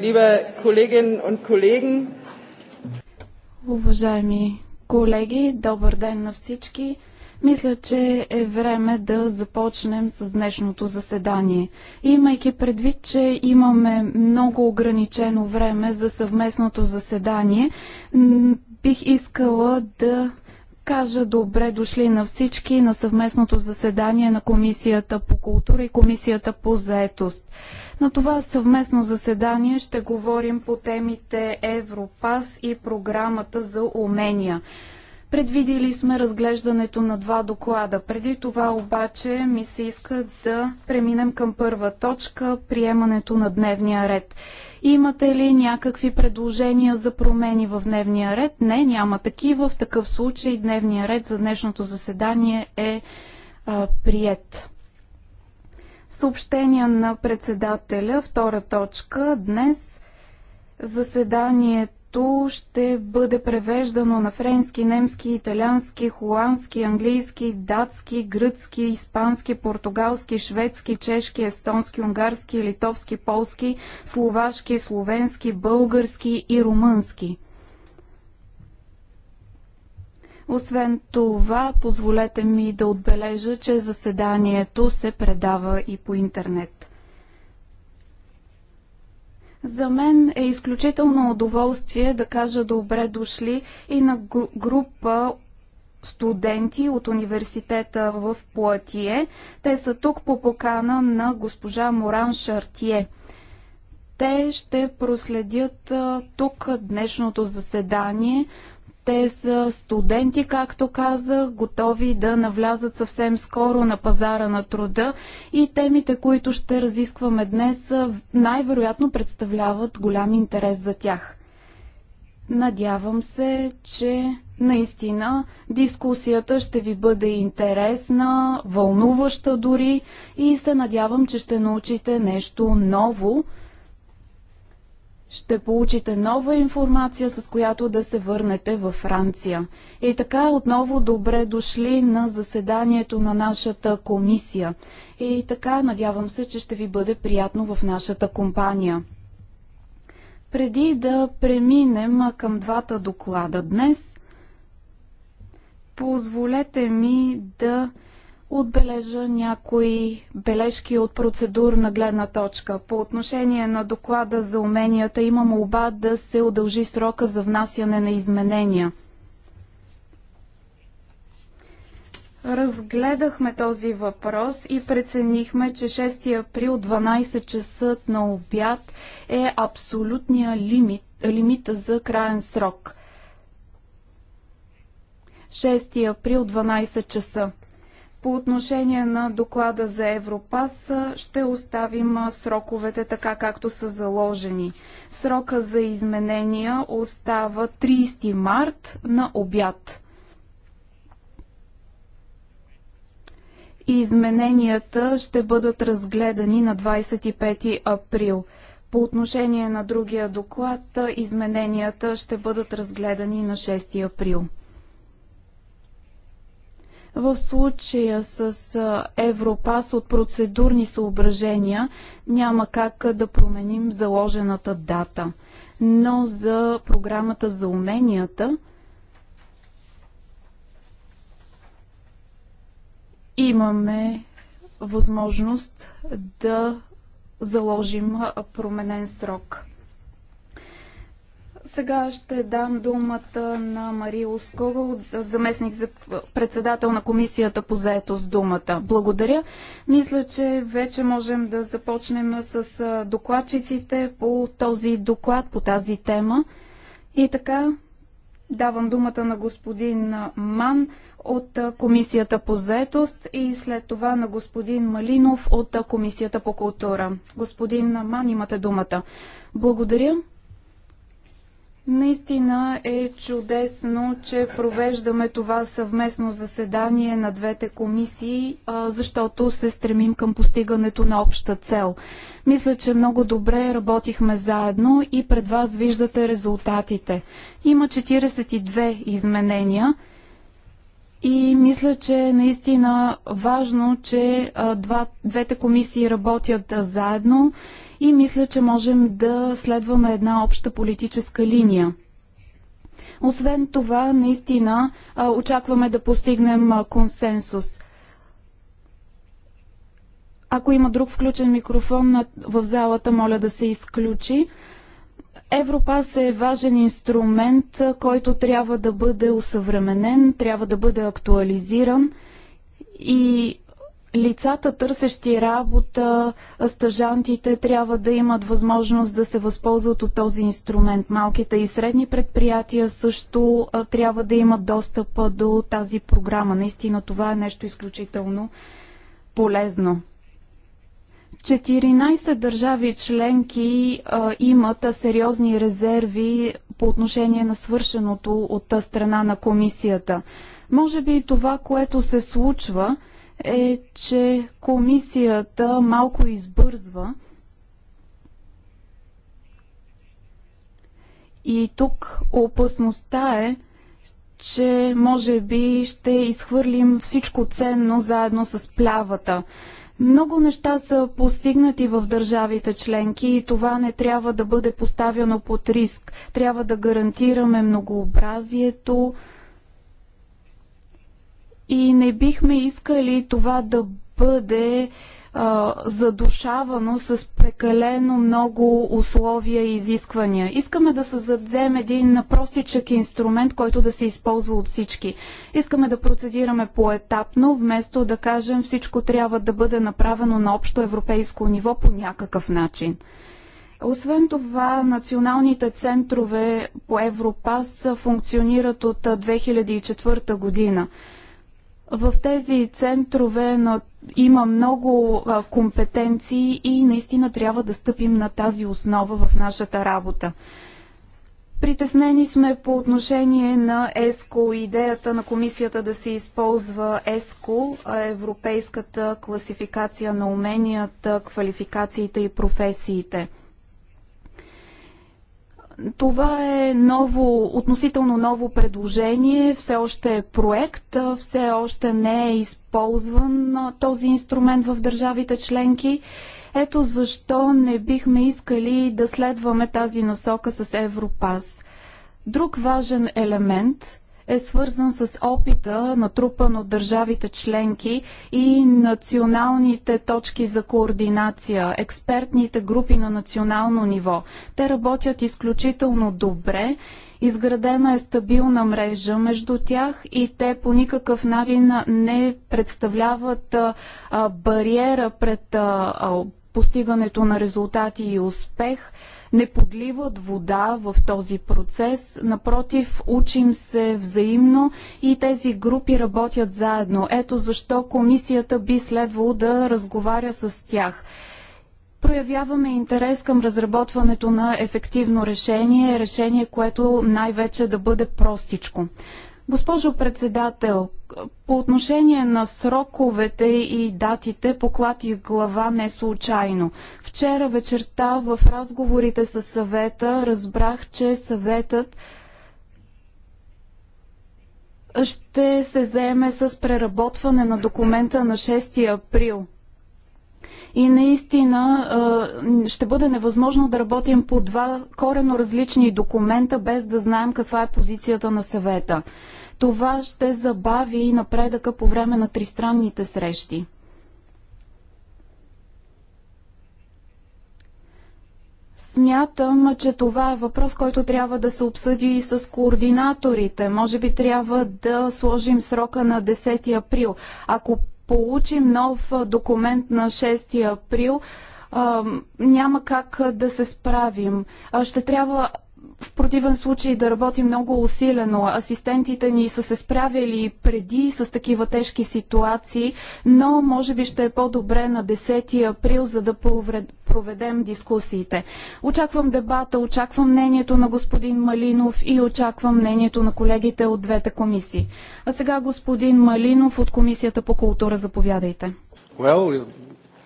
Liebe Kolleginnen und Kollegen, Уважаеми колеги, добър ден на всички! Мисля, че е време да започнем с днешното заседание. Имайки предвид, че имаме много ограничено време за съвместното заседание, бих искала да кажа добре дошли на всички на съвместното заседание на Комисията по култура и Комисията по заетост. На това съвместно заседание ще говорим по темите Европас и програмата за умения. Предвидили сме разглеждането на два доклада. Преди това обаче ми се иска да преминем към първа точка приемането на дневния ред. Имате ли някакви предложения за промени в дневния ред? Не, няма такива. В такъв случай дневния ред за днешното заседание е а, прият. Съобщения на председателя, втора точка. Днес заседанието което ще бъде превеждано на френски, немски, италиански, холандски, английски, датски, гръцки, испански, португалски, шведски, чешки, естонски, унгарски, литовски, полски, словашки, словенски, български и румънски. Освен това, позволете ми да отбележа, че заседанието се предава и по интернет. За мен е изключително удоволствие да кажа добре дошли и на група студенти от университета в Платие. Те са тук по покана на госпожа Моран Шартие. Те ще проследят тук днешното заседание те са студенти, както казах, готови да навлязат съвсем скоро на пазара на труда и темите, които ще разискваме днес, най-вероятно представляват голям интерес за тях. Надявам се, че наистина дискусията ще ви бъде интересна, вълнуваща дори и се надявам, че ще научите нещо ново ще получите нова информация, с която да се върнете във Франция. И така отново добре дошли на заседанието на нашата комисия. И така надявам се, че ще ви бъде приятно в нашата компания. Преди да преминем към двата доклада днес, позволете ми да отбележа някои бележки от процедурна гледна точка. По отношение на доклада за уменията има молба да се удължи срока за внасяне на изменения. Разгледахме този въпрос и преценихме, че 6 април 12 часа на обяд е абсолютния лимит, лимит за краен срок. 6 април 12 часа. По отношение на доклада за Европас ще оставим сроковете така както са заложени. Срока за изменения остава 30 март на обяд. И измененията ще бъдат разгледани на 25 април. По отношение на другия доклад, измененията ще бъдат разгледани на 6 април. В случая с Европас от процедурни съображения няма как да променим заложената дата. Но за програмата за уменията имаме възможност да заложим променен срок. Сега ще дам думата на Мария Ускова, заместник за председател на комисията по заето с думата. Благодаря. Мисля, че вече можем да започнем с докладчиците по този доклад, по тази тема. И така, давам думата на господин Ман от Комисията по заетост и след това на господин Малинов от Комисията по култура. Господин Ман, имате думата. Благодаря. Наистина е чудесно, че провеждаме това съвместно заседание на двете комисии, защото се стремим към постигането на обща цел. Мисля, че много добре работихме заедно и пред вас виждате резултатите. Има 42 изменения. И мисля, че е наистина важно, че двете комисии работят заедно и мисля, че можем да следваме една обща политическа линия. Освен това, наистина очакваме да постигнем консенсус. Ако има друг включен микрофон в залата, моля да се изключи. Европас е важен инструмент, който трябва да бъде усъвременен, трябва да бъде актуализиран и лицата, търсещи работа, стъжантите трябва да имат възможност да се възползват от този инструмент. Малките и средни предприятия също трябва да имат достъп до тази програма. Наистина това е нещо изключително полезно. 14 държави членки а, имат а, сериозни резерви по отношение на свършеното от страна на комисията. Може би това, което се случва, е, че комисията малко избързва. И тук опасността е, че може би ще изхвърлим всичко ценно заедно с плявата. Много неща са постигнати в държавите членки и това не трябва да бъде поставяно под риск. Трябва да гарантираме многообразието, и не бихме искали това да бъде а, задушавано с прекалено много условия и изисквания. Искаме да създадем един простичък инструмент, който да се използва от всички. Искаме да процедираме поетапно, вместо да кажем всичко трябва да бъде направено на общо европейско ниво по някакъв начин. Освен това, националните центрове по Европас функционират от 2004 година. В тези центрове на има много а, компетенции и наистина трябва да стъпим на тази основа в нашата работа. Притеснени сме по отношение на ЕСКО, идеята на комисията да се използва ЕСКО, Европейската класификация на уменията, квалификациите и професиите – това е ново, относително ново предложение, все още е проект, все още не е използван този инструмент в държавите членки. Ето защо не бихме искали да следваме тази насока с Европас. Друг важен елемент е свързан с опита, натрупан от държавите членки и националните точки за координация, експертните групи на национално ниво. Те работят изключително добре Изградена е стабилна мрежа между тях и те по никакъв начин не представляват бариера пред постигането на резултати и успех не подливат вода в този процес. Напротив, учим се взаимно и тези групи работят заедно. Ето защо комисията би следвало да разговаря с тях. Проявяваме интерес към разработването на ефективно решение, решение, което най-вече да бъде простичко. Госпожо председател, по отношение на сроковете и датите поклатих глава не случайно. Вчера вечерта в разговорите с съвета разбрах, че съветът ще се заеме с преработване на документа на 6 април – и наистина ще бъде невъзможно да работим по два корено различни документа, без да знаем каква е позицията на съвета. Това ще забави и напредъка по време на тристранните срещи. Смятам, че това е въпрос, който трябва да се обсъди и с координаторите. Може би трябва да сложим срока на 10 април. Ако получим нов документ на 6 април, няма как да се справим. Ще трябва в противен случай да работи много усилено. Асистентите ни са се справили преди с такива тежки ситуации, но може би ще е по-добре на 10 април, за да проведем дискусиите. Очаквам дебата, очаквам мнението на господин Малинов и очаквам мнението на колегите от двете комисии. А сега господин Малинов от Комисията по култура, заповядайте. Well,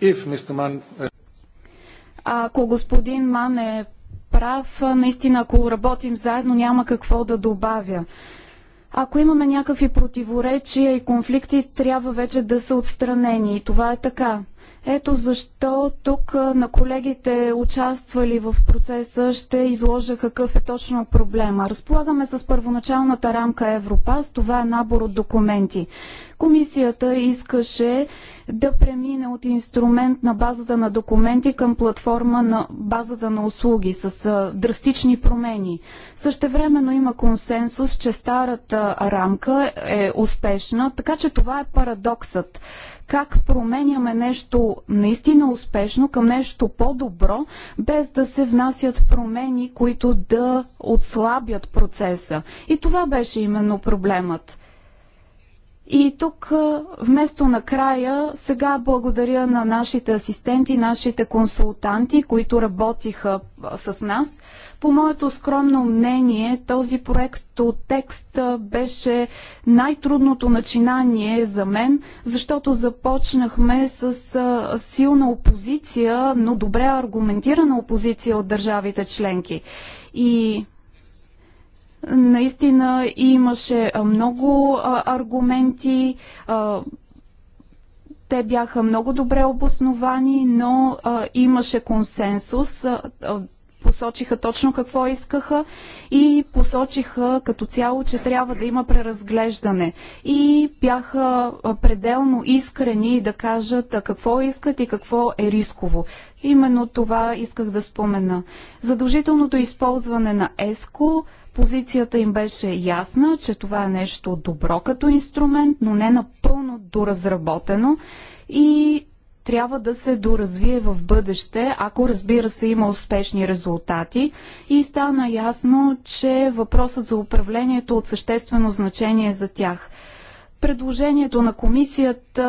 if Mr. Uh, Ако господин Ман е прав. Наистина, ако работим заедно, няма какво да добавя. Ако имаме някакви противоречия и конфликти, трябва вече да са отстранени. И това е така. Ето защо тук на колегите участвали в процеса ще изложа какъв е точно проблема. Разполагаме с първоначалната рамка Европас. Това е набор от документи. Комисията искаше да премине от инструмент на базата на документи към платформа на базата на услуги с драстични промени. Същевременно има консенсус, че старата рамка е успешна, така че това е парадоксът как променяме нещо наистина успешно към нещо по-добро, без да се внасят промени, които да отслабят процеса. И това беше именно проблемът. И тук вместо накрая, сега благодаря на нашите асистенти, нашите консултанти, които работиха с нас. По моето скромно мнение, този проект от текст беше най-трудното начинание за мен, защото започнахме с силна опозиция, но добре аргументирана опозиция от държавите членки. И наистина имаше много аргументи. Те бяха много добре обосновани, но а, имаше консенсус. А, посочиха точно какво искаха и посочиха като цяло, че трябва да има преразглеждане. И бяха пределно искрени да кажат какво искат и какво е рисково. Именно това исках да спомена. Задължителното използване на ЕСКО позицията им беше ясна, че това е нещо добро като инструмент, но не напълно доразработено и трябва да се доразвие в бъдеще, ако разбира се има успешни резултати. И стана ясно, че въпросът за управлението е от съществено значение за тях. Предложението на комисията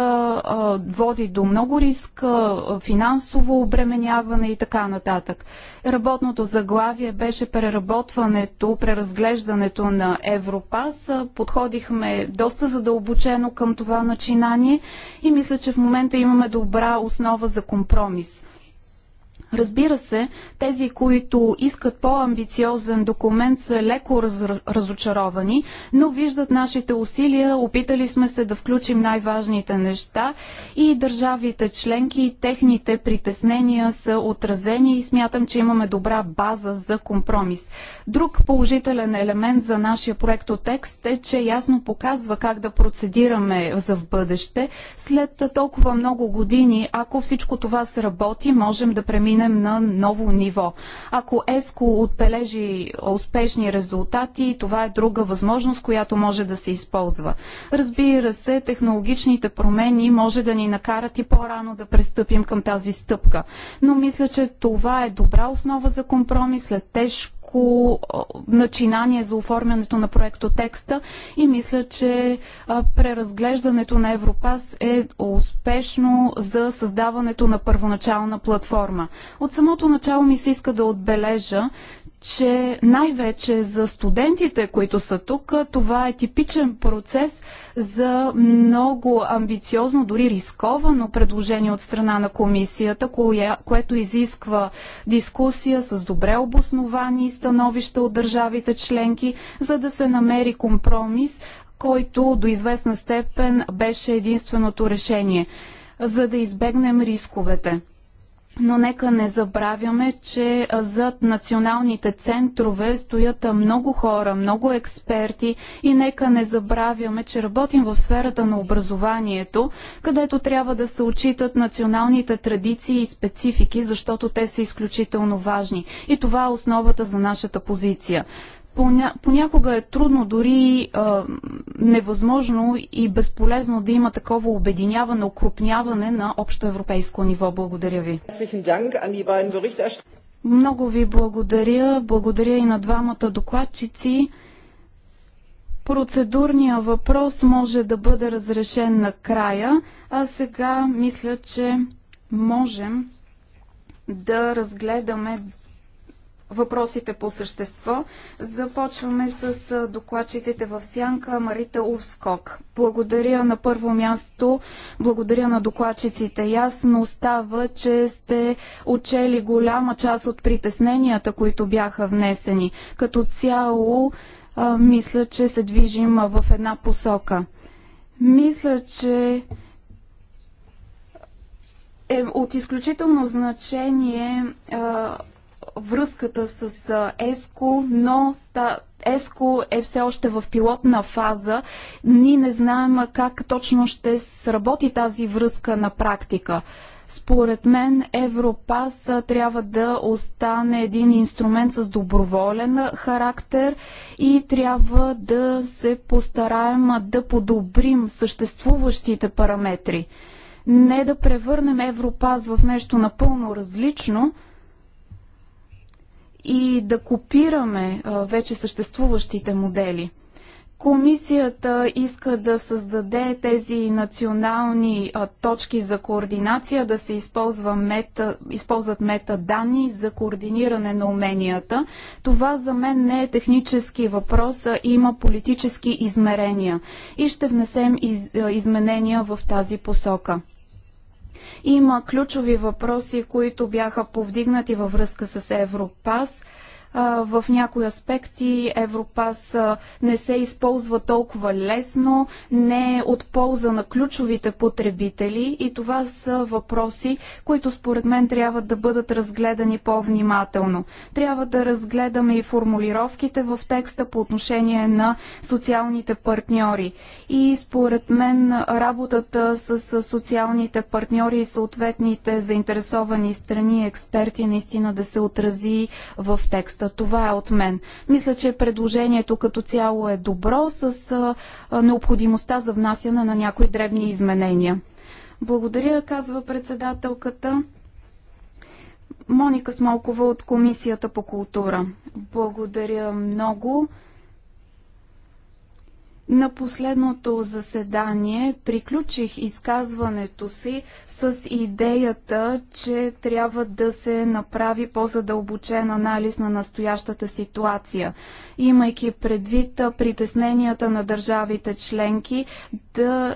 а, води до много риск, а, финансово обременяване и така нататък. Работното заглавие беше преработването, преразглеждането на Европас. Подходихме доста задълбочено към това начинание и мисля, че в момента имаме добра основа за компромис. Разбира се, тези, които искат по-амбициозен документ, са леко раз, разочаровани, но виждат нашите усилия, опитали сме се да включим най-важните неща и държавите членки и техните притеснения са отразени и смятам, че имаме добра база за компромис. Друг положителен елемент за нашия проектотекст е, че ясно показва как да процедираме за в бъдеще. След толкова много години, ако всичко това сработи, можем да преминем минем на ново ниво. Ако ЕСКО отбележи успешни резултати, това е друга възможност, която може да се използва. Разбира се, технологичните промени може да ни накарат и по-рано да престъпим към тази стъпка. Но мисля, че това е добра основа за компромис след тежко малко начинание за оформянето на проектотекста и мисля, че преразглеждането на Европас е успешно за създаването на първоначална платформа. От самото начало ми се иска да отбележа, че най-вече за студентите, които са тук, това е типичен процес за много амбициозно, дори рисковано предложение от страна на комисията, което изисква дискусия с добре обосновани становища от държавите членки, за да се намери компромис, който до известна степен беше единственото решение, за да избегнем рисковете но нека не забравяме, че зад националните центрове стоят много хора, много експерти и нека не забравяме, че работим в сферата на образованието, където трябва да се отчитат националните традиции и специфики, защото те са изключително важни. И това е основата за нашата позиция поня... понякога е трудно, дори а, невъзможно и безполезно да има такова обединяване, укрупняване на общо европейско ниво. Благодаря ви. Много ви благодаря. Благодаря и на двамата докладчици. Процедурния въпрос може да бъде разрешен накрая, а сега мисля, че можем да разгледаме въпросите по същество. Започваме с докладчиците в Сянка Марита Увскок. Благодаря на първо място, благодаря на докладчиците. Ясно става, че сте учели голяма част от притесненията, които бяха внесени. Като цяло, а, мисля, че се движим в една посока. Мисля, че е от изключително значение а, връзката с ЕСКО, но та, ЕСКО е все още в пилотна фаза. Ние не знаем как точно ще сработи тази връзка на практика. Според мен Европас трябва да остане един инструмент с доброволен характер и трябва да се постараем да подобрим съществуващите параметри. Не да превърнем Европас в нещо напълно различно – и да копираме вече съществуващите модели. Комисията иска да създаде тези национални точки за координация, да се използва мета, използват метаданни за координиране на уменията. Това за мен не е технически въпрос, а има политически измерения и ще внесем из, изменения в тази посока. Има ключови въпроси, които бяха повдигнати във връзка с Европас – в някои аспекти Европас не се използва толкова лесно, не е от полза на ключовите потребители и това са въпроси, които според мен трябва да бъдат разгледани по-внимателно. Трябва да разгледаме и формулировките в текста по отношение на социалните партньори. И според мен работата с социалните партньори и съответните заинтересовани страни и експерти наистина да се отрази в текста текста. Това е от мен. Мисля, че предложението като цяло е добро с необходимостта за внасяне на някои дребни изменения. Благодаря, казва председателката. Моника Смолкова от Комисията по култура. Благодаря много. На последното заседание приключих изказването си с идеята, че трябва да се направи по-задълбочен анализ на настоящата ситуация, имайки предвид притесненията на държавите членки да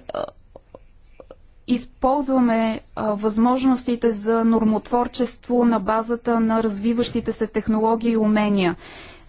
използваме възможностите за нормотворчество на базата на развиващите се технологии и умения.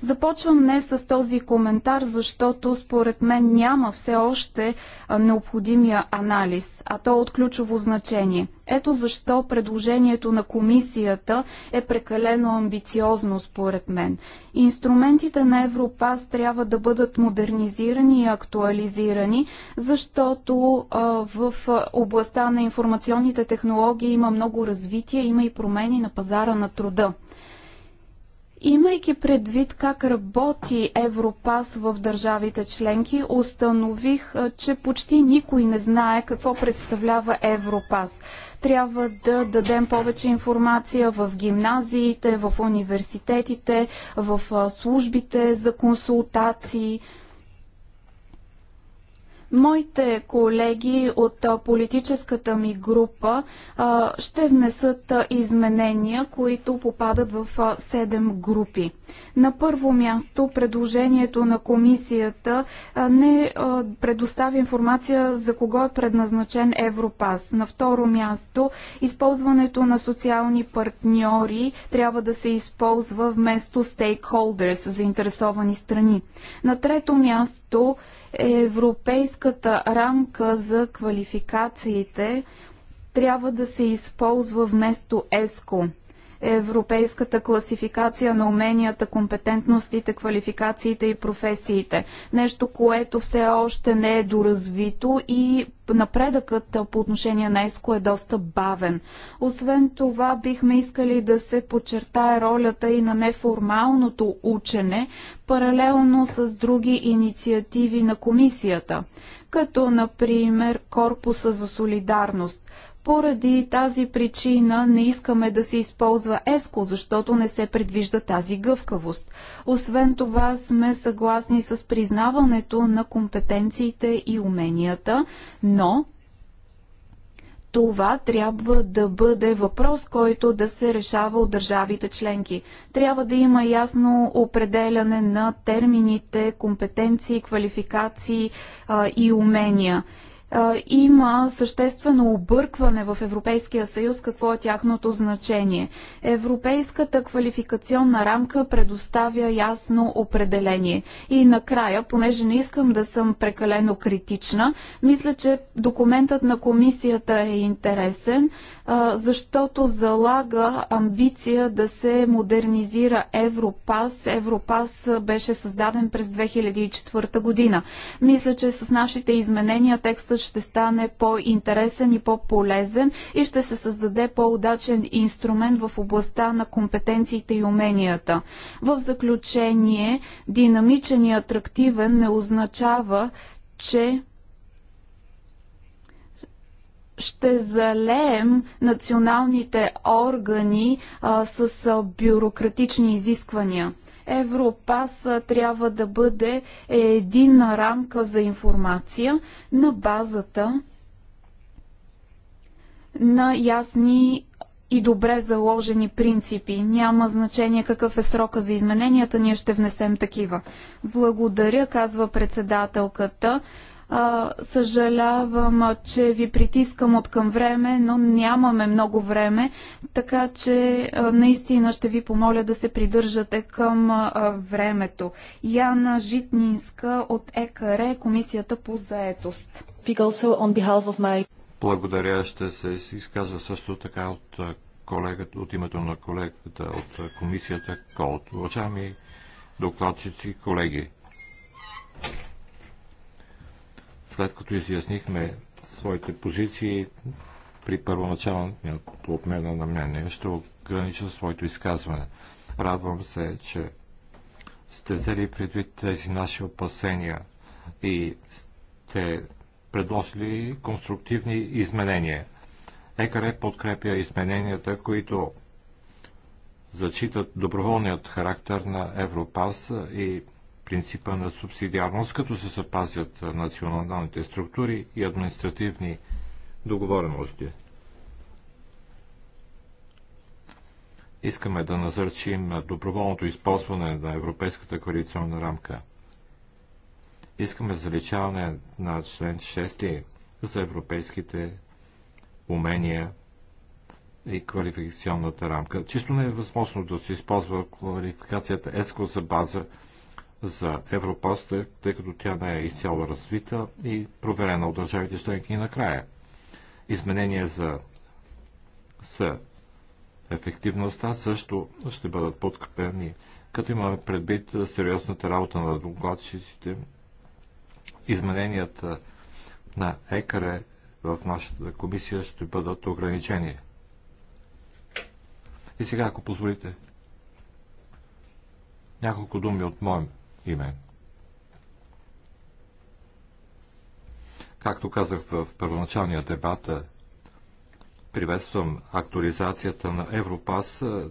Започвам не с този коментар, защото според мен няма все още необходимия анализ, а то е от ключово значение. Ето защо предложението на комисията е прекалено амбициозно според мен. Инструментите на Европас трябва да бъдат модернизирани и актуализирани, защото а, в областта на информационните технологии има много развитие, има и промени на пазара на труда. Имайки предвид как работи Европас в държавите членки, установих, че почти никой не знае какво представлява Европас. Трябва да дадем повече информация в гимназиите, в университетите, в службите за консултации – Моите колеги от политическата ми група ще внесат изменения, които попадат в 7 групи. На първо място предложението на комисията не предоставя информация за кого е предназначен Европас. На второ място използването на социални партньори трябва да се използва вместо за заинтересовани страни. На трето място Европейската рамка за квалификациите трябва да се използва вместо ЕСКО европейската класификация на уменията, компетентностите, квалификациите и професиите. Нещо, което все още не е доразвито и напредъкът по отношение на ЕСКО е доста бавен. Освен това, бихме искали да се подчертае ролята и на неформалното учене, паралелно с други инициативи на комисията, като например Корпуса за солидарност. Поради тази причина не искаме да се използва ЕСКО, защото не се предвижда тази гъвкавост. Освен това сме съгласни с признаването на компетенциите и уменията, но това трябва да бъде въпрос, който да се решава от държавите членки. Трябва да има ясно определяне на термините, компетенции, квалификации а, и умения има съществено объркване в Европейския съюз какво е тяхното значение. Европейската квалификационна рамка предоставя ясно определение. И накрая, понеже не искам да съм прекалено критична, мисля, че документът на комисията е интересен, защото залага амбиция да се модернизира Европас. Европас беше създаден през 2004 година. Мисля, че с нашите изменения текста ще стане по-интересен и по-полезен и ще се създаде по-удачен инструмент в областта на компетенциите и уменията. В заключение, динамичен и атрактивен не означава, че ще залеем националните органи а, с а, бюрократични изисквания. Европас трябва да бъде единна рамка за информация на базата на ясни и добре заложени принципи. Няма значение какъв е срока за измененията, ние ще внесем такива. Благодаря, казва председателката. Съжалявам, че ви притискам от към време, но нямаме много време, така че наистина ще ви помоля да се придържате към времето. Яна Житнинска от ЕКР, Комисията по заетост. Благодаря, ще се изказва също така от колегата, от името на колегата от комисията КОЛТ. Уважаеми докладчици, колеги, след като изяснихме своите позиции при първоначалното обмена на мнение, ще огранича своето изказване. Радвам се, че сте взели предвид тези наши опасения и сте предложили конструктивни изменения. ЕКР подкрепя измененията, които зачитат доброволният характер на Европас и принципа на субсидиарност, като се запазят националните структури и административни договорености. Искаме да назърчим доброволното използване на Европейската коалиционна рамка. Искаме заличаване на член 6 за европейските умения и квалификационната рамка. Чисто не е възможно да се използва квалификацията ЕСКО за база за Европас, тъй като тя не е изцяло развита и проверена от държавите членки и накрая. Изменения за с ефективността също ще бъдат подкрепени, като имаме предвид сериозната работа на докладчиците, измененията на ЕКРЕ в нашата комисия ще бъдат ограничени. И сега, ако позволите, няколко думи от моя мен. Както казах в първоначалния дебат, е, приветствам актуализацията на Европас. Е,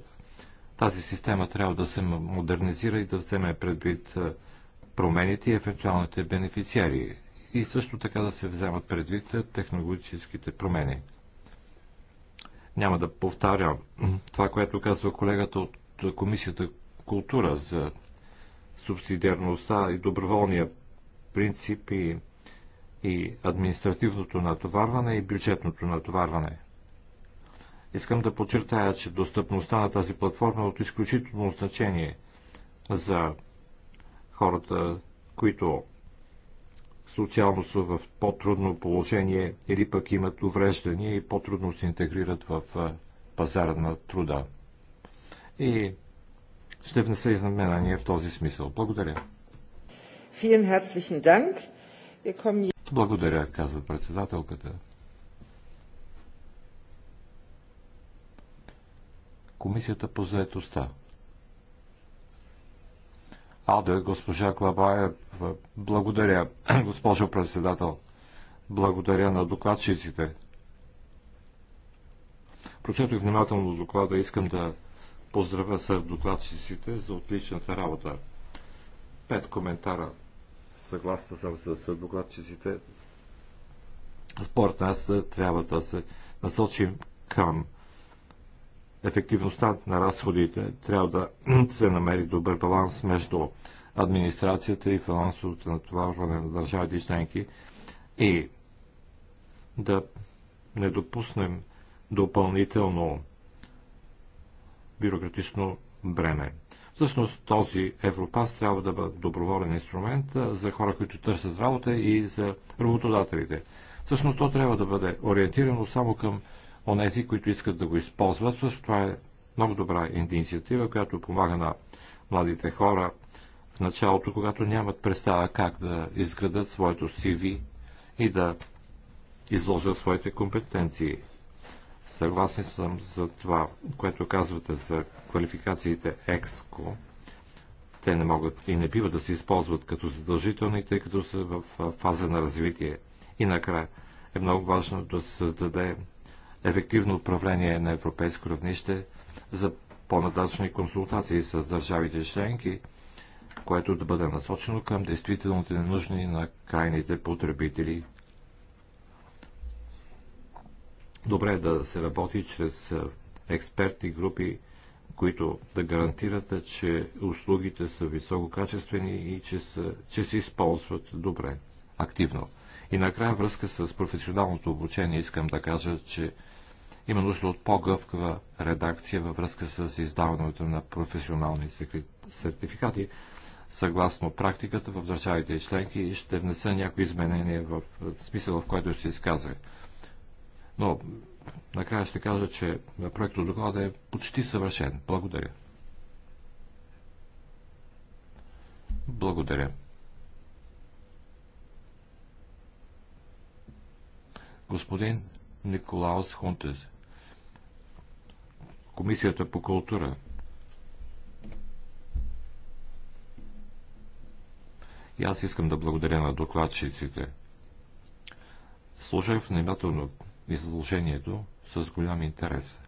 тази система трябва да се модернизира и да вземе предвид е, промените и евентуалните бенефициари. И също така да се вземат предвид технологическите промени. Няма да повтарям това, което казва колегата от Комисията култура за субсидиарността и доброволния принцип и, и административното натоварване и бюджетното натоварване. Искам да подчертая, че достъпността на тази платформа е от изключително значение за хората, които социално са в по-трудно положение или пък имат увреждания и по-трудно се интегрират в пазара на труда. И ще внеса изменения в този смисъл. Благодаря. Благодаря, казва председателката. Комисията по заедостта. Алда, госпожа Клабаев, благодаря, госпожо председател. Благодаря на докладчиците. Прочетох внимателно доклада. Искам да Поздравя с докладчиците за отличната работа. Пет коментара. Съгласна съм с докладчиците. Според нас е, трябва да се насочим към ефективността на разходите. Трябва да се намери добър баланс между администрацията и финансовото натоварване на държавите членки и да не допуснем допълнително бюрократично бреме. Всъщност този Европас трябва да бъде доброволен инструмент за хора, които търсят работа и за работодателите. Всъщност то трябва да бъде ориентирано само към онези, които искат да го използват. Също това е много добра инициатива, която помага на младите хора в началото, когато нямат представа как да изградат своето CV и да изложат своите компетенции. Съгласен съм за това, което казвате за квалификациите ЕКСКО. Те не могат и не бива да се използват като задължителни, тъй като са в фаза на развитие. И накрая е много важно да се създаде ефективно управление на европейско равнище за по надачни консултации с държавите членки, което да бъде насочено към действителните нужни на крайните потребители – добре е да се работи чрез експертни групи, които да гарантират, че услугите са висококачествени и че, са, че се използват добре, активно. И накрая връзка с професионалното обучение искам да кажа, че има нужда от по-гъвкава редакция във връзка с издаването на професионални сертификати. Съгласно практиката в държавите и членки ще внеса някои изменения в смисъл, в който се изказах. Но накрая ще кажа, че проектът доклада е почти съвършен. Благодаря. Благодаря. Господин Николаус Хунтез. Комисията по култура. И аз искам да благодаря на докладчиците. Слушах внимателно изложението с голям интерес.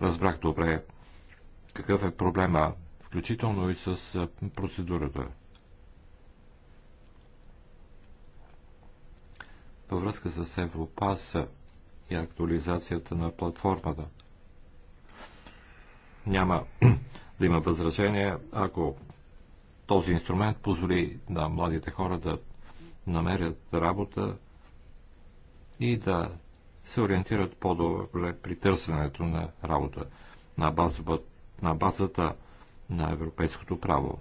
Разбрах добре какъв е проблема, включително и с процедурата. Във връзка с Европаса и актуализацията на платформата. Няма да има възражение, ако този инструмент позволи на младите хора да намерят работа и да се ориентират по-добре при търсенето на работа на, базова, на базата на европейското право.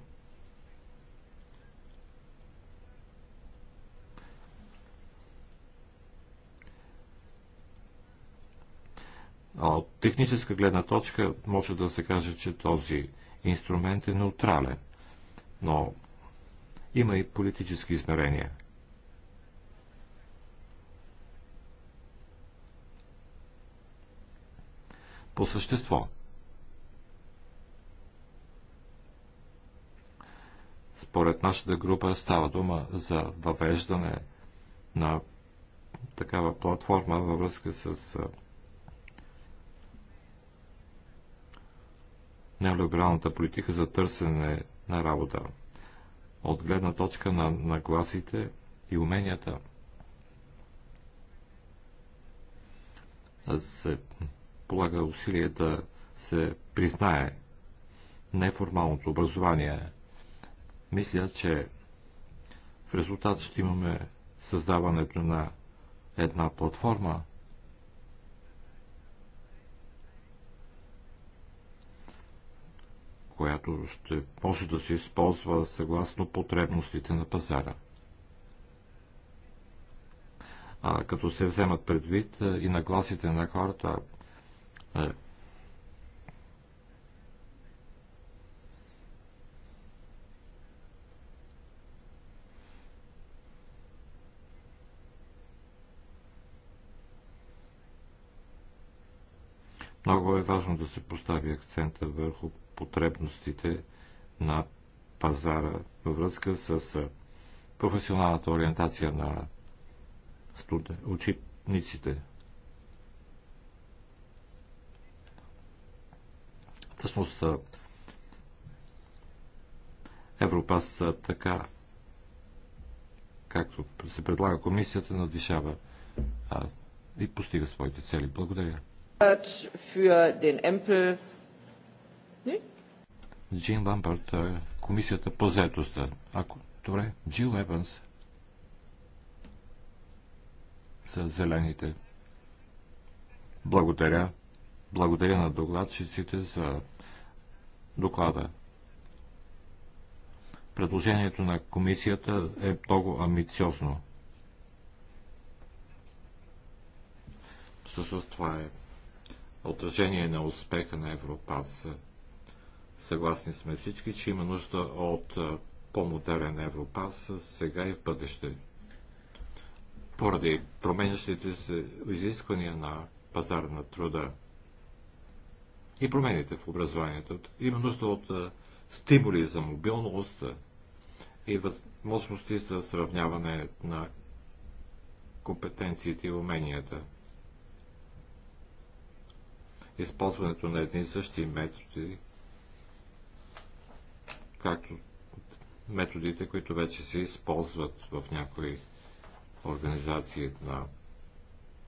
От техническа гледна точка може да се каже, че този инструмент е неутрален, но има и политически измерения – по същество. Според нашата група става дума за въвеждане на такава платформа във връзка с неолибералната политика за търсене на работа от гледна точка на нагласите и уменията. Аз полага усилия да се признае неформалното образование. Мисля, че в резултат ще имаме създаването на една платформа, която ще може да се използва съгласно потребностите на пазара. А като се вземат предвид и нагласите на хората, много е важно да се постави акцента върху потребностите на пазара във връзка с професионалната ориентация на студен... учениците. Всъщност Европас така, както се предлага комисията, надвишава а, и постига своите цели. Благодаря. Джин Ламбърт, комисията по заедостта. Ако... Добре, Джил Еванс за зелените. Благодаря. Благодаря на докладчиците за доклада. Предложението на комисията е много амбициозно. Всъщност това е отражение на успеха на Европас. Съгласни сме всички, че има нужда от по-модерен Европас сега и в бъдеще. Поради променящите се изисквания на пазар на труда и промените в образованието. Има нужда от стимули за мобилност и възможности за сравняване на компетенциите и уменията. Използването на едни и същи методи, както методите, които вече се използват в някои организации на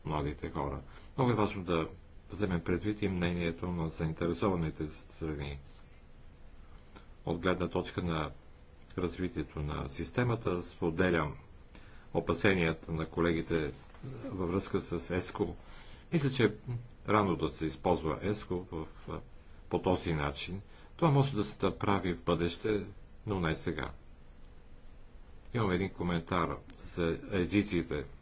младите хора. Много е важно да Вземе предвид и мнението на заинтересованите страни. От гледна точка на развитието на системата, споделям опасенията на колегите във връзка с ЕСКО. Мисля, че рано да се използва ЕСКО в, по този начин. Това може да се прави в бъдеще, но не сега. Имам един коментар за езиците –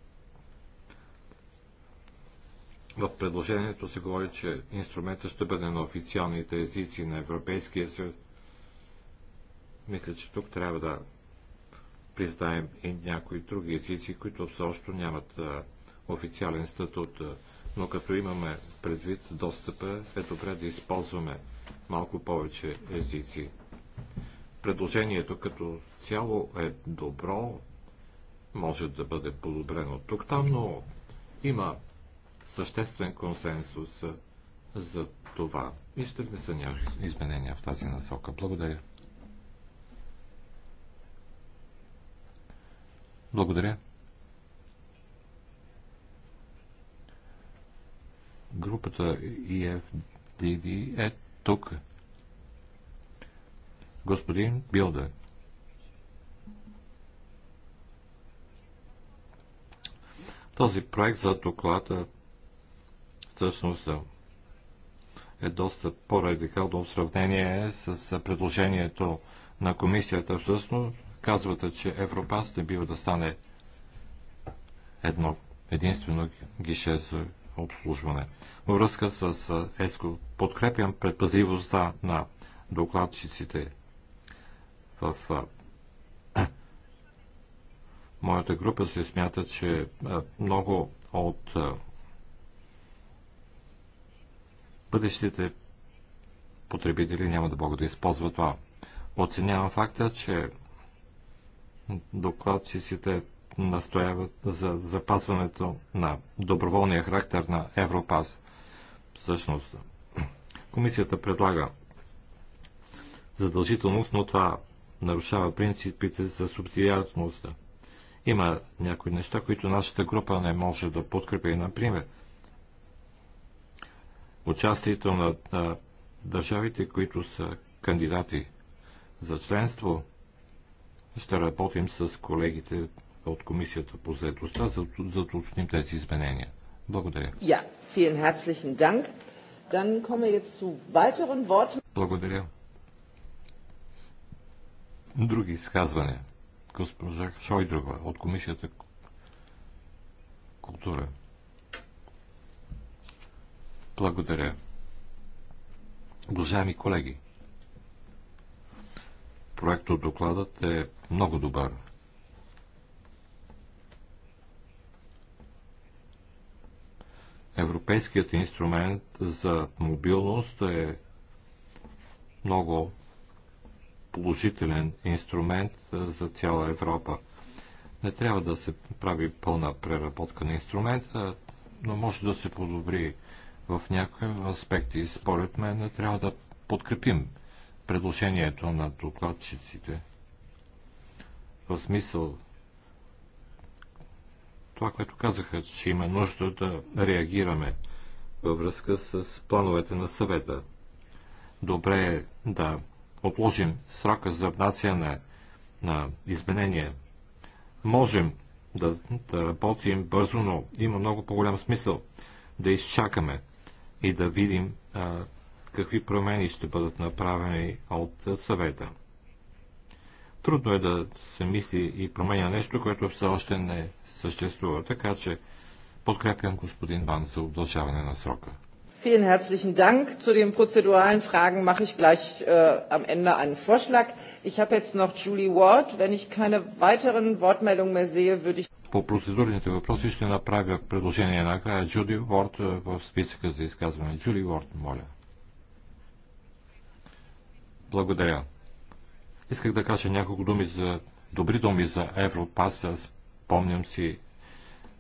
в предложението се говори, че инструментът ще бъде на официалните езици на Европейския съюз. Мисля, че тук трябва да признаем и някои други езици, които все още нямат официален статут. Но като имаме предвид достъпа, е добре да използваме малко повече езици. Предложението като цяло е добро, може да бъде подобрено тук-там, но има съществен консенсус за това и ще внеса някакви изменения в тази насока. Благодаря. Благодаря. Групата EFDD е тук. Господин Билдер. Този проект за доклада всъщност е доста по-радикално в сравнение с предложението на комисията. Всъщност казвате, че Европас не бива да стане едно единствено гише за обслужване. Във връзка с ЕСКО подкрепям предпазливостта на докладчиците в моята група се смята, че много от бъдещите потребители няма да могат да използват това. Оценявам факта, че докладчиците настояват за запазването на доброволния характер на Европас. Всъщност, комисията предлага задължителност, но това нарушава принципите за субсидиарността. Има някои неща, които нашата група не може да подкрепи. Например, участието на, на държавите, които са кандидати за членство. Ще работим с колегите от Комисията по заедостта, за, за да уточним тези изменения. Благодаря. Ja, vielen herzlichen Dank. Dann kommen wir jetzt zu weiteren Worten. Благодаря. Други изказвания. Госпожа Шойдрова от Комисията култура. Благодаря. Уважаеми колеги, проектът докладът е много добър. Европейският инструмент за мобилност е много положителен инструмент за цяла Европа. Не трябва да се прави пълна преработка на инструмента, но може да се подобри в някои аспекти. Според мен трябва да подкрепим предложението на докладчиците в смисъл това, което казаха, че има нужда да реагираме във връзка с плановете на съвета. Добре е да отложим срока за внасяне на изменения. Можем да, да работим бързо, но има много по-голям смисъл да изчакаме и да видим а, какви промени ще бъдат направени от съвета. Трудно е да се мисли и променя нещо, което все още не съществува, така че подкрепям господин Бан за удължаване на срока. Vielen herzlichen Dank. Zu den prozeduralen Fragen mache ich gleich äh, am Ende einen Vorschlag. Ich habe jetzt noch Julie Ward. Wenn ich keine weiteren Wortmeldungen mehr sehe, würde ich по процедурните въпроси ще направя предложение накрая Джуди Уорд е, в списъка за изказване. Джуди Уорд, моля. Благодаря. Исках да кажа няколко думи за добри думи за Европас. Помням си,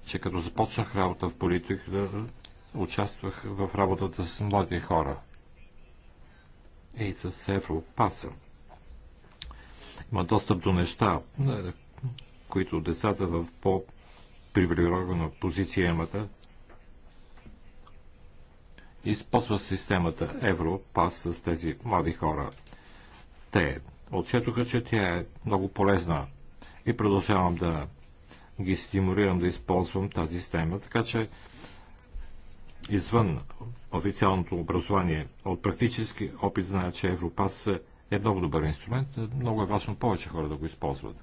че като започнах работа в политика, е, участвах в работата с млади хора и с Европаса. Има достъп до неща, е, които децата в по-привилегирована позиция имат. Използва системата Европас с тези млади хора. Те отчетоха, че тя е много полезна и продължавам да ги стимулирам да използвам тази система, така че извън официалното образование, от практически опит знаят, че Европас е много добър инструмент. Много е важно повече хора да го използват.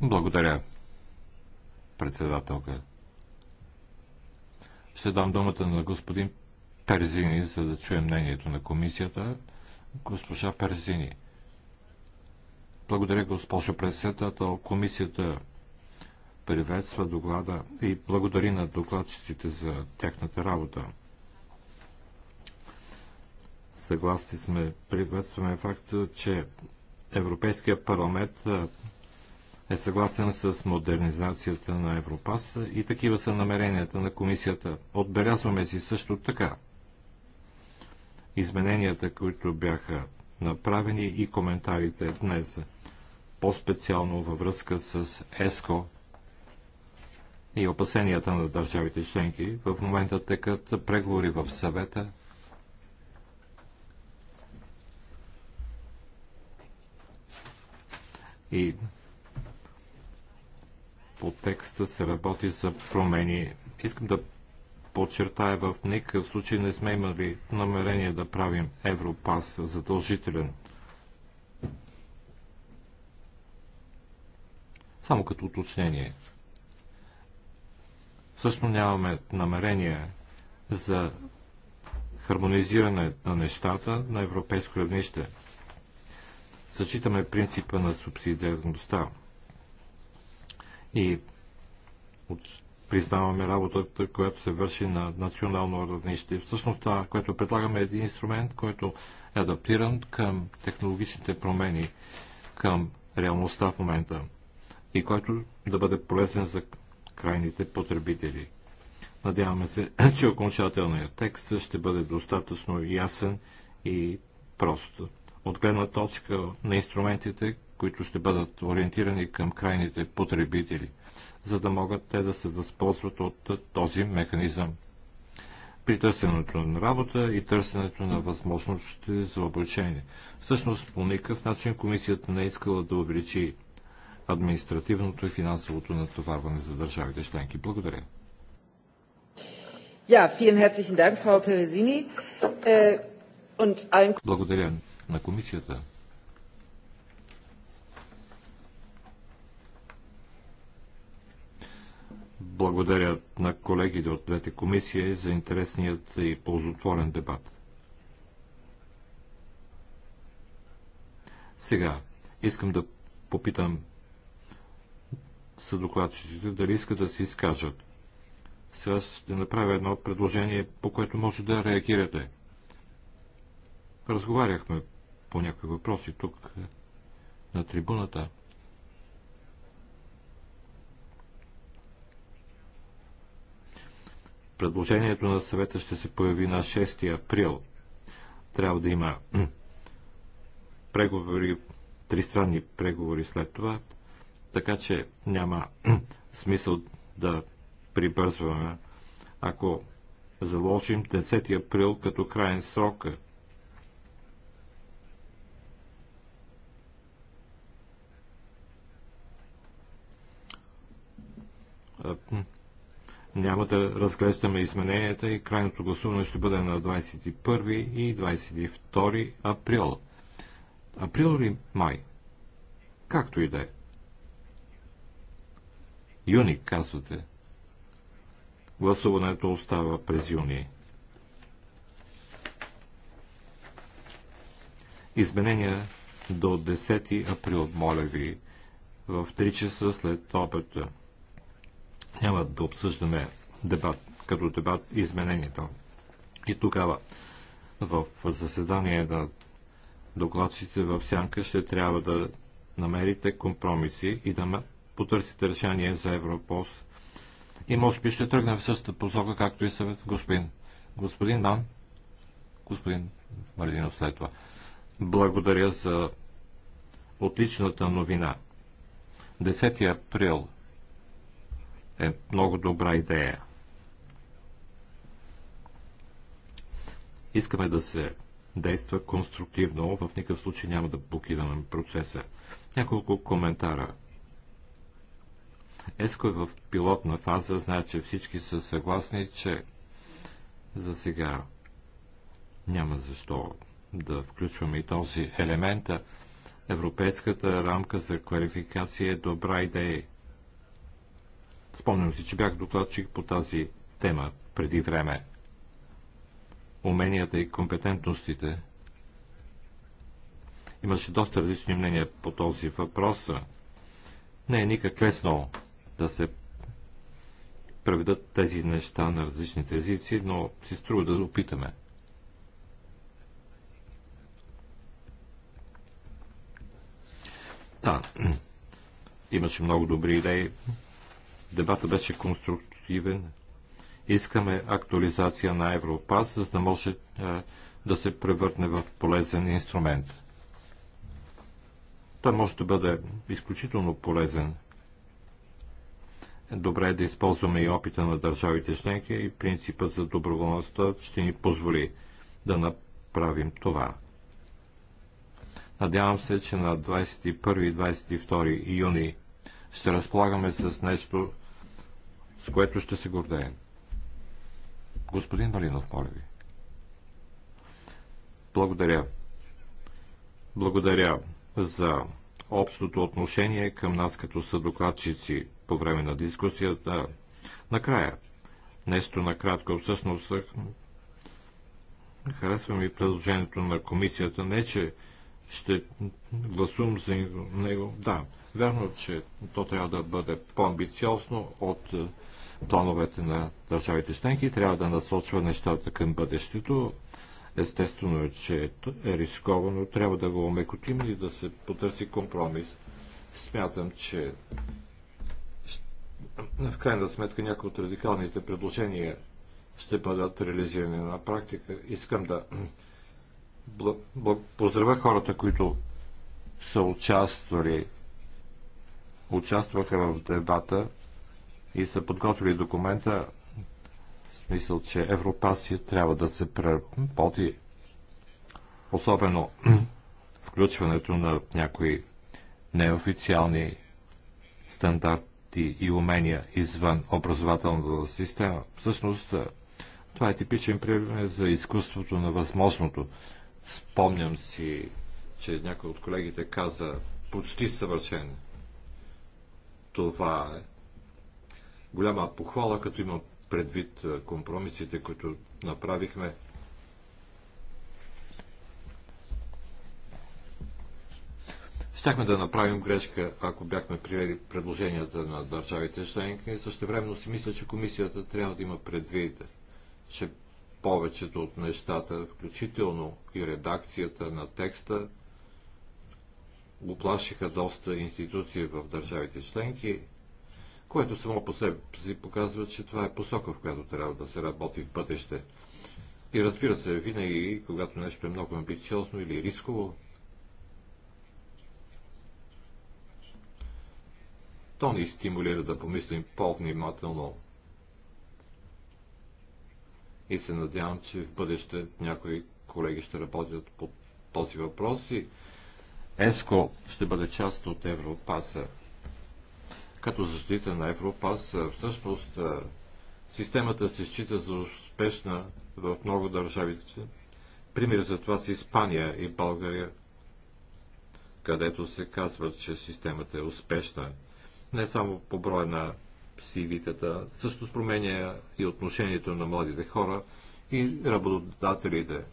Благодаря, председателка. Ще дам думата на господин Перзини, за да чуем мнението на комисията. Госпожа Перзини. Благодаря, госпожо председател. Комисията приветства доклада и благодари на докладчиците за тяхната работа. Съгласни сме, приветстваме факта, че Европейския парламент е съгласен с модернизацията на Европас и такива са намеренията на комисията. Отбелязваме си също така измененията, които бяха направени и коментарите днес, по-специално във връзка с ЕСКО и опасенията на държавите членки. В момента текат преговори в съвета и по текста се работи за промени. Искам да подчертая, в никакъв случай не сме имали намерение да правим Европас задължителен. Само като уточнение. Всъщност нямаме намерение за хармонизиране на нещата на европейско равнище. Зачитаме принципа на субсидиарността и признаваме работата, която се върши на национално равнище. Всъщност това, което предлагаме е един инструмент, който е адаптиран към технологичните промени, към реалността в момента и който да бъде полезен за крайните потребители. Надяваме се, че окончателният текст ще бъде достатъчно ясен и прост. От гледна точка на инструментите, които ще бъдат ориентирани към крайните потребители, за да могат те да се възползват от този механизъм. При търсенето на работа и търсенето на възможности за обучение. Всъщност по никакъв начин комисията не е искала да увеличи административното и финансовото натоварване за държавите членки. Благодаря. Äh, Благодаря на комисията благодаря на колегите от двете комисии за интересният и ползотворен дебат. Сега искам да попитам съдокладчиците дали искат да се изкажат. Сега ще направя едно предложение, по което може да реагирате. Разговаряхме по някои въпроси тук на трибуната. Предложението на съвета ще се появи на 6 април. Трябва да има преговори, тристранни преговори след това, така че няма смисъл да прибързваме. Ако заложим 10 април като крайен срок, няма да разглеждаме измененията и крайното гласуване ще бъде на 21 и 22 април. Април или май? Както и да е. Юни, казвате. Гласуването остава през юни. Изменения до 10 април, моля ви, в 3 часа след обеда няма да обсъждаме дебат, като дебат изменението. И тогава в заседание на докладчите в Сянка ще трябва да намерите компромиси и да потърсите решение за Европос. И може би ще тръгнем в същата посока, както и съвет господин. Господин Дан, господин Мардинов след това. Благодаря за отличната новина. 10 април е много добра идея. Искаме да се действа конструктивно, в никакъв случай няма да блокираме процеса. Няколко коментара. ЕСКО е в пилотна фаза, знае, че всички са съгласни, че за сега няма защо да включваме и този елемент. Европейската рамка за квалификация е добра идея. Спомням си, че бях докладчик по тази тема преди време. Уменията и компетентностите. Имаше доста различни мнения по този въпрос. Не е никак лесно да се преведат тези неща на различните езици, но си струва да опитаме. Да, имаше много добри идеи, Дебата беше конструктивен. Искаме актуализация на Европас, за да може е, да се превърне в полезен инструмент. Той може да бъде изключително полезен. Добре е да използваме и опита на държавите членки и принципа за доброволността ще ни позволи да направим това. Надявам се, че на 21 и 22 юни ще разполагаме с нещо с което ще се гордеем. Господин Валинов, моля ви. Благодаря. Благодаря за общото отношение към нас като съдокладчици по време на дискусията. Накрая, нещо накратко, всъщност харесвам и предложението на комисията. Не, че ще гласувам за него. Да, вярно, че то трябва да бъде по-амбициозно от плановете на държавите членки трябва да насочва нещата към бъдещето. Естествено е, че е рисковано. Трябва да го омекотим и да се потърси компромис. Смятам, че в крайна сметка някои от радикалните предложения ще бъдат реализирани на практика. Искам да поздравя хората, които са участвали, участваха в дебата и са подготвили документа в смисъл, че Европасия трябва да се преработи, особено включването на някои неофициални стандарти и умения извън образователната система. Всъщност, това е типичен пример за изкуството на възможното. Спомням си, че някой от колегите каза почти съвършен. Това е голяма похвала, като имам предвид компромисите, които направихме. Щяхме да направим грешка, ако бяхме приели предложенията на държавите членки. Същевременно си мисля, че комисията трябва да има предвид, че повечето от нещата, включително и редакцията на текста, оплашиха доста институции в държавите членки което само по себе си показва, че това е посока, в която трябва да се работи в бъдеще. И разбира се, винаги, когато нещо е много амбициозно или рисково, то ни стимулира да помислим по-внимателно. И се надявам, че в бъдеще някои колеги ще работят по този въпрос и ЕСКО ще бъде част от Европаса като защита на Европас. Всъщност системата се счита за успешна в много държавите. Пример за това са Испания и България, където се казва, че системата е успешна. Не само по броя на CV-тата, също променя и отношението на младите хора и работодателите.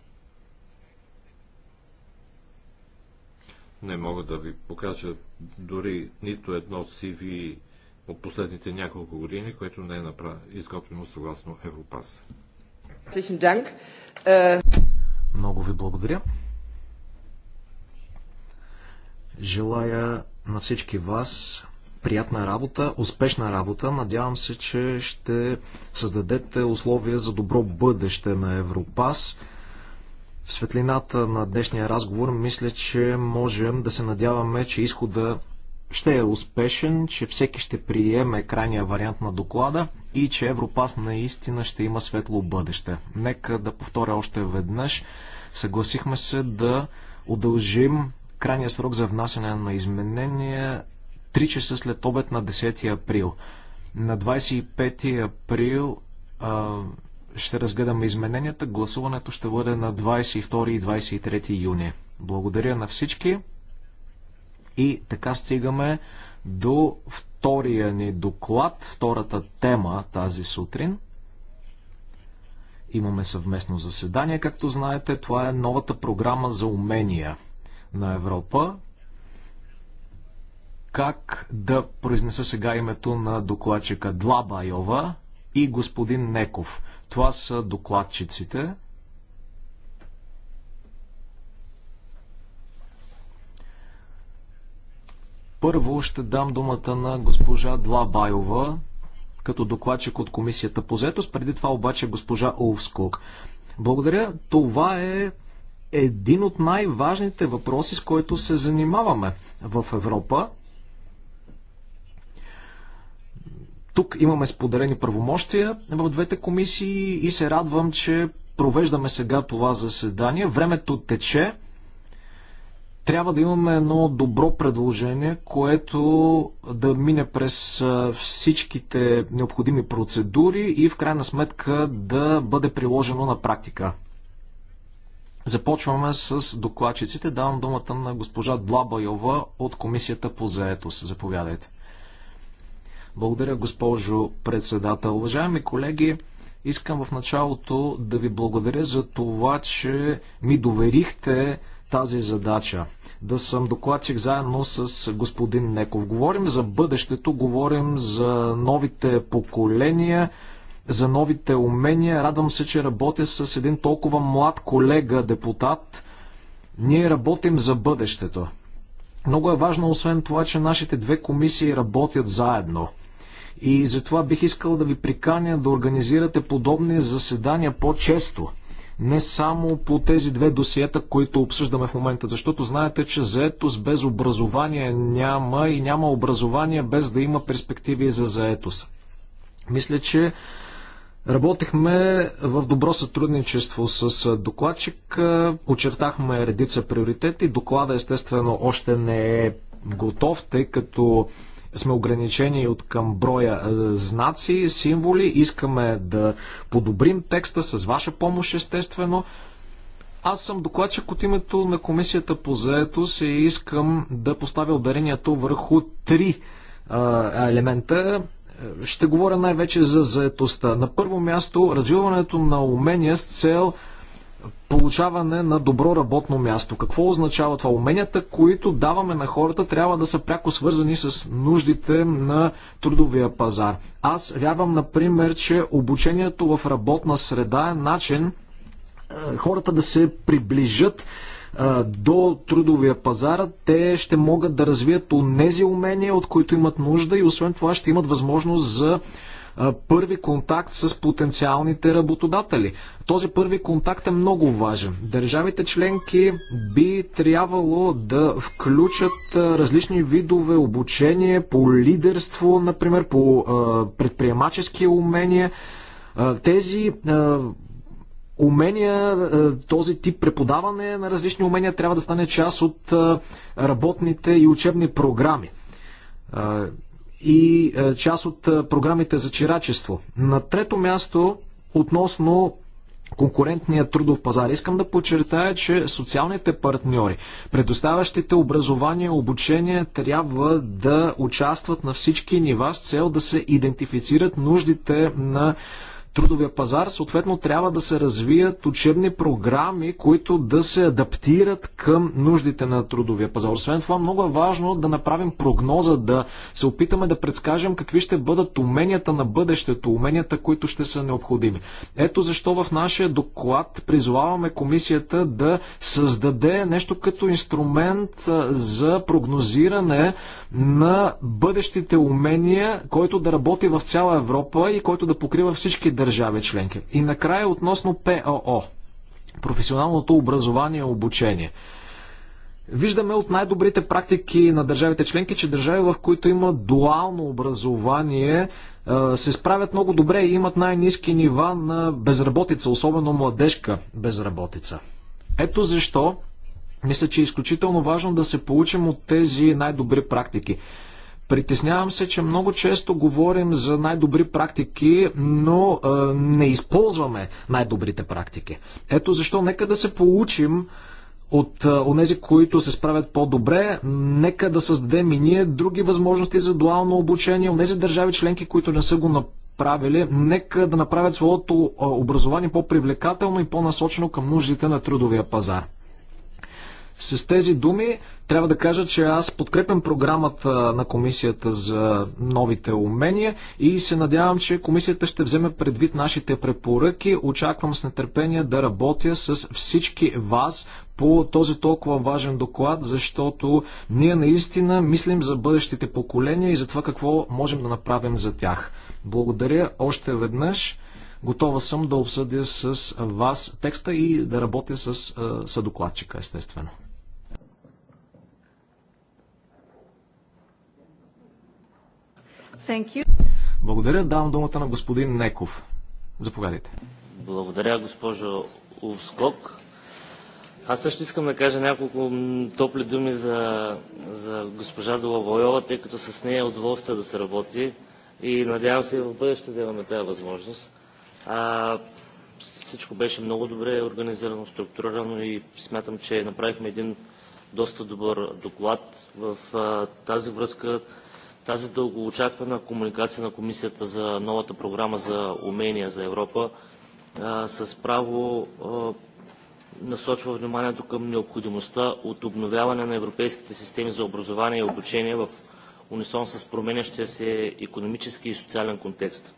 Не мога да ви покажа дори нито едно CV от последните няколко години, което не е изготвено съгласно Европас. Е, Много ви благодаря. Желая на всички вас приятна работа, успешна работа. Надявам се, че ще създадете условия за добро бъдеще на Европас. В светлината на днешния разговор мисля, че можем да се надяваме, че изхода ще е успешен, че всеки ще приеме крайния вариант на доклада и че Европас наистина ще има светло бъдеще. Нека да повторя още веднъж. Съгласихме се да удължим крайния срок за внасяне на изменения 3 часа след обед на 10 април. На 25 април а, ще разгледаме измененията. Гласуването ще бъде на 22 и 23 юни. Благодаря на всички. И така стигаме до втория ни доклад, втората тема тази сутрин. Имаме съвместно заседание, както знаете. Това е новата програма за умения на Европа. Как да произнеса сега името на докладчика Длабайова и господин Неков. Това са докладчиците. Първо ще дам думата на госпожа Длабайова, като докладчик от комисията по заетост. Преди това обаче госпожа Олвскок. Благодаря. Това е един от най-важните въпроси, с който се занимаваме в Европа. Тук имаме споделени правомощия в двете комисии и се радвам, че провеждаме сега това заседание. Времето тече. Трябва да имаме едно добро предложение, което да мине през всичките необходими процедури и в крайна сметка да бъде приложено на практика. Започваме с докладчиците. Давам думата на госпожа Длабайова от Комисията по заетост. Заповядайте. Благодаря, госпожо председател. Уважаеми колеги, искам в началото да ви благодаря за това, че ми доверихте тази задача. Да съм докладчик заедно с господин Неков. Говорим за бъдещето, говорим за новите поколения, за новите умения. Радвам се, че работя с един толкова млад колега депутат. Ние работим за бъдещето. Много е важно, освен това, че нашите две комисии работят заедно – и затова бих искал да ви приканя да организирате подобни заседания по-често. Не само по тези две досиета, които обсъждаме в момента, защото знаете, че заетост без образование няма и няма образование без да има перспективи за заетост. Мисля, че Работехме в добро сътрудничество с докладчик, очертахме редица приоритети. Доклада естествено още не е готов, тъй като сме ограничени от към броя е, знаци, символи. Искаме да подобрим текста с ваша помощ, естествено. Аз съм докладчик от името на Комисията по заетост и искам да поставя ударението върху три е, елемента. Е, ще говоря най-вече за заетостта. На първо място, развиването на умения с цел получаване на добро работно място. Какво означава това? Уменията, които даваме на хората, трябва да са пряко свързани с нуждите на трудовия пазар. Аз вярвам, например, че обучението в работна среда е начин е, хората да се приближат е, до трудовия пазар, те ще могат да развият онези умения, от които имат нужда и освен това ще имат възможност за първи контакт с потенциалните работодатели. Този първи контакт е много важен. Държавите членки би трябвало да включат различни видове обучение по лидерство, например, по предприемачески умения. Тези умения, този тип преподаване на различни умения трябва да стане част от работните и учебни програми и е, част от е, програмите за чирачество. На трето място, относно конкурентния трудов пазар. Искам да подчертая, че социалните партньори, предоставящите образование и обучение, трябва да участват на всички нива с цел да се идентифицират нуждите на трудовия пазар, съответно трябва да се развият учебни програми, които да се адаптират към нуждите на трудовия пазар. Освен това, много е важно да направим прогноза, да се опитаме да предскажем какви ще бъдат уменията на бъдещето, уменията, които ще са необходими. Ето защо в нашия доклад призоваваме комисията да създаде нещо като инструмент за прогнозиране на бъдещите умения, който да работи в цяла Европа и който да покрива всички държави държави членки. И накрая относно ПОО професионалното образование и обучение. Виждаме от най-добрите практики на държавите членки, че държави, в които има дуално образование, е, се справят много добре и имат най-низки нива на безработица, особено младежка безработица. Ето защо мисля, че е изключително важно да се получим от тези най-добри практики. Притеснявам се, че много често говорим за най-добри практики, но е, не използваме най-добрите практики. Ето защо нека да се получим от онези, които се справят по-добре, нека да създадем и ние други възможности за дуално обучение. Онези държави членки, които не са го направили, нека да направят своето образование по-привлекателно и по-насочено към нуждите на трудовия пазар. С тези думи трябва да кажа, че аз подкрепям програмата на комисията за новите умения и се надявам, че комисията ще вземе предвид нашите препоръки. Очаквам с нетърпение да работя с всички вас по този толкова важен доклад, защото ние наистина мислим за бъдещите поколения и за това какво можем да направим за тях. Благодаря още веднъж. Готова съм да обсъдя с вас текста и да работя с е, съдокладчика, естествено. Благодаря. Давам думата на господин Неков. Заповядайте. Благодаря, госпожо Увскок. Аз също искам да кажа няколко топли думи за, за госпожа Долавойова, тъй като с нея е удоволствие да се работи и надявам се и в бъдеще да имаме тази възможност. А, всичко беше много добре организирано, структурирано и смятам, че направихме един доста добър доклад. В а, тази връзка тази дългоочаквана комуникация на Комисията за новата програма за умения за Европа а, с право а, насочва вниманието към необходимостта от обновяване на европейските системи за образование и обучение в унисон с променящия се економически и социален контекст.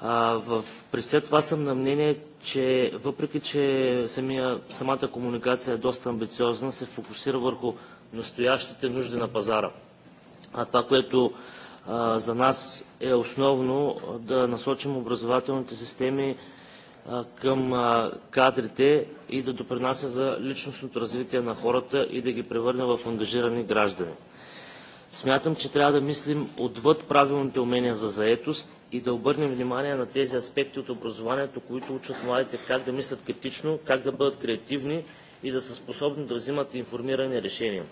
А, в, при след това съм на мнение, че въпреки, че самия, самата комуникация е доста амбициозна, се фокусира върху настоящите нужди на пазара – а това, което а, за нас е основно, да насочим образователните системи а, към а, кадрите и да допринася за личностното развитие на хората и да ги превърне в ангажирани граждани. Смятам, че трябва да мислим отвъд правилните умения за заетост и да обърнем внимание на тези аспекти от образованието, които учат младите как да мислят критично, как да бъдат креативни и да са способни да взимат информирани решения.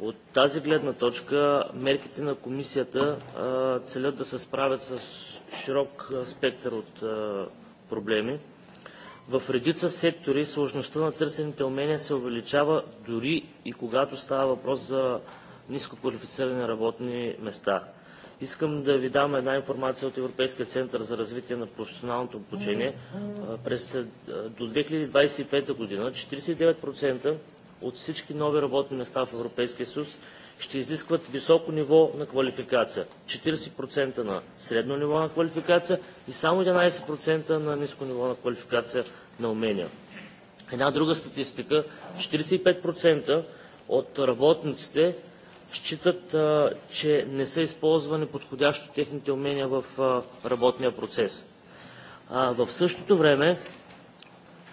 От тази гледна точка мерките на комисията целят да се справят с широк спектър от проблеми. В редица сектори сложността на търсените умения се увеличава дори и когато става въпрос за нискоквалифицирани работни места. Искам да ви дам една информация от Европейския център за развитие на професионалното обучение. През, до 2025 година 49% от всички нови работни места в Европейския съюз ще изискват високо ниво на квалификация. 40% на средно ниво на квалификация и само 11% на ниско ниво на квалификация на умения. Една друга статистика, 45% от работниците считат, че не са използвани подходящо техните умения в работния процес. В същото време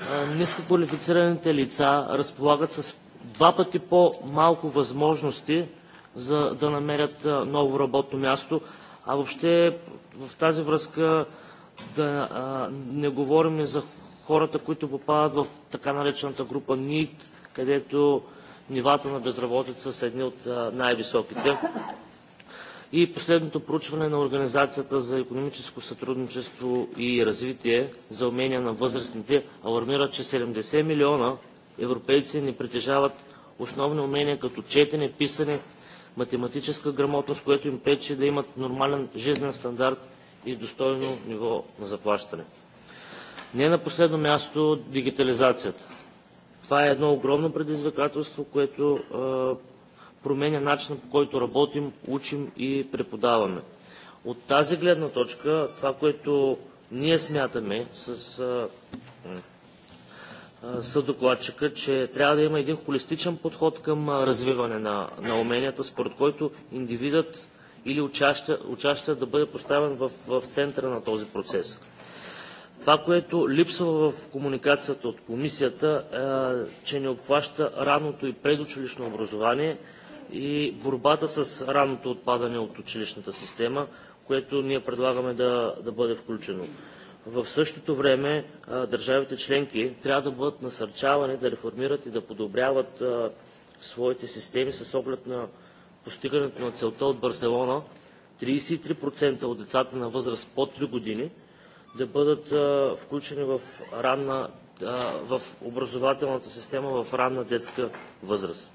е, нискоквалифицираните лица разполагат с два пъти по-малко възможности за да намерят е, ново работно място, а въобще в тази връзка да е, не говорим за хората, които попадат в така наречената група NEET, където нивата на безработица са едни от най-високите и последното проучване на Организацията за економическо сътрудничество и развитие за умения на възрастните алармира, че 70 милиона европейци не притежават основни умения като четене, писане, математическа грамотност, което им пречи да имат нормален жизнен стандарт и достойно ниво на заплащане. Не на последно място дигитализацията. Това е едно огромно предизвикателство, което променя начина по който работим, учим и преподаваме. От тази гледна точка, това, което ние смятаме с съдокладчика, че трябва да има един холистичен подход към развиване на, на уменията, според който индивидът или учащата да бъде поставен в, в центъра на този процес. Това, което липсва в комуникацията от комисията, е, че не обхваща раното и предучилищно образование – и борбата с ранното отпадане от училищната система, което ние предлагаме да, да бъде включено. В същото време държавите членки трябва да бъдат насърчавани да реформират и да подобряват своите системи с оглед на постигането на целта от Барселона 33% от децата на възраст под 3 години да бъдат включени в, ранна, в образователната система в ранна детска възраст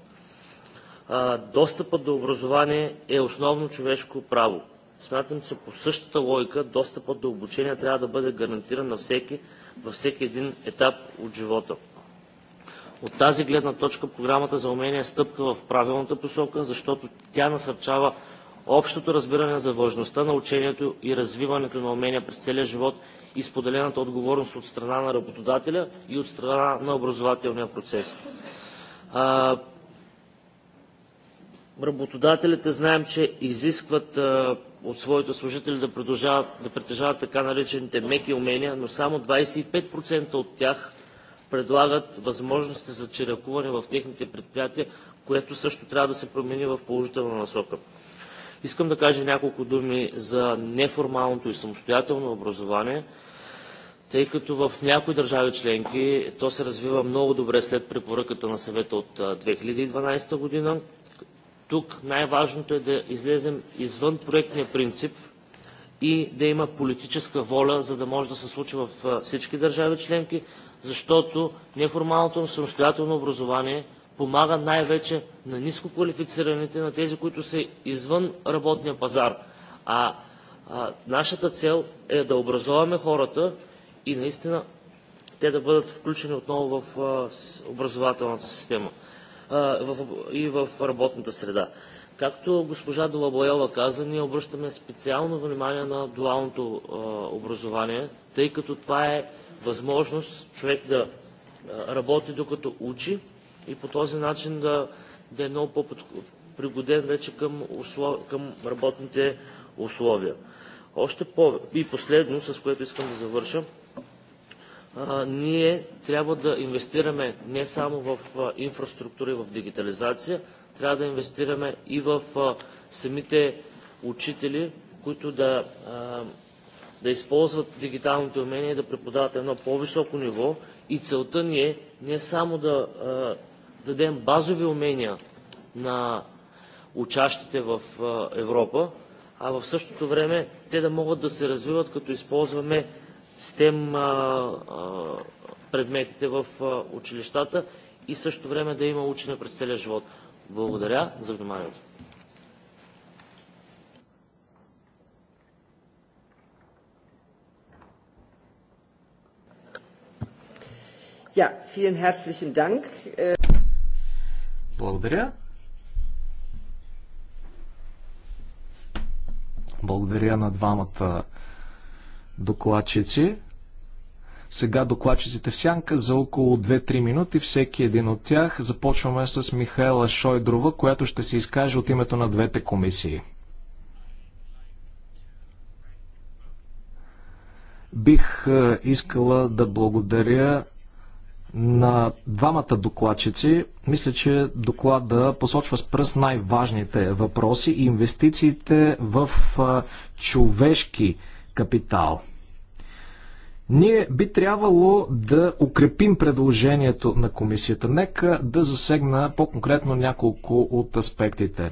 достъпът до образование е основно човешко право. Смятам, че по същата логика достъпът до обучение трябва да бъде гарантиран на всеки във всеки един етап от живота. От тази гледна точка Програмата за умения стъпка в правилната посока, защото тя насърчава общото разбиране за важността на учението и развиването на умения през целия живот и споделената отговорност от страна на работодателя и от страна на образователния процес работодателите знаем, че изискват а, от своите служители да, да притежават така наречените меки умения, но само 25% от тях предлагат възможности за чиракуване в техните предприятия, което също трябва да се промени в положителна насока. Искам да кажа няколко думи за неформалното и самостоятелно образование, тъй като в някои държави членки то се развива много добре след препоръката на съвета от 2012 година, тук най-важното е да излезем извън проектния принцип и да има политическа воля, за да може да се случи във всички държави членки, защото неформалното самостоятелно образование помага най-вече на ниско квалифицираните, на тези, които са извън работния пазар. А, а нашата цел е да образоваме хората и наистина те да бъдат включени отново в а, образователната система и в работната среда. Както госпожа Долабоева каза, ние обръщаме специално внимание на дуалното образование, тъй като това е възможност човек да работи докато учи и по този начин да, да е много по-пригоден вече към, услов... към работните условия. Още по... И последно, с което искам да завърша, ние трябва да инвестираме не само в инфраструктура и в дигитализация, трябва да инвестираме и в самите учители, които да, да използват дигиталните умения и да преподават едно по-високо ниво. И целта ни е не само да дадем базови умения на учащите в Европа, а в същото време те да могат да се развиват, като използваме STEM предметите в училищата и също време да има учене през целия живот. Благодаря за вниманието. Ja, vielen herzlichen Dank. Благодаря. Благодаря на двамата докладчици. Сега докладчиците в сянка за около 2-3 минути. Всеки един от тях започваме с Михаела Шойдрова, която ще се изкаже от името на двете комисии. Бих е, искала да благодаря на двамата докладчици. Мисля, че доклада посочва с пръст най-важните въпроси и инвестициите в е, човешки капитал. Ние би трябвало да укрепим предложението на комисията. Нека да засегна по-конкретно няколко от аспектите.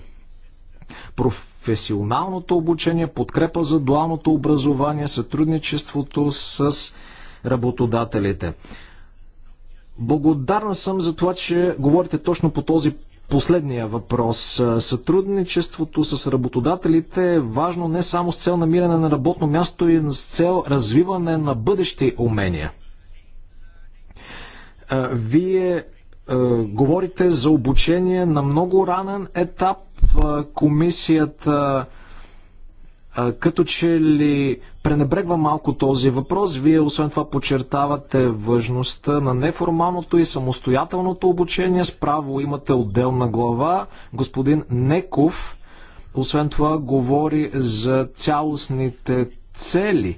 Професионалното обучение, подкрепа за дуалното образование, сътрудничеството с работодателите. Благодарна съм за това, че говорите точно по този последния въпрос. Сътрудничеството с работодателите е важно не само с цел намиране на работно място, и с цел развиване на бъдещи умения. Вие говорите за обучение на много ранен етап. Комисията като че ли пренебрегва малко този въпрос. Вие освен това подчертавате важността на неформалното и самостоятелното обучение. Справо имате отделна глава. Господин Неков, освен това, говори за цялостните цели.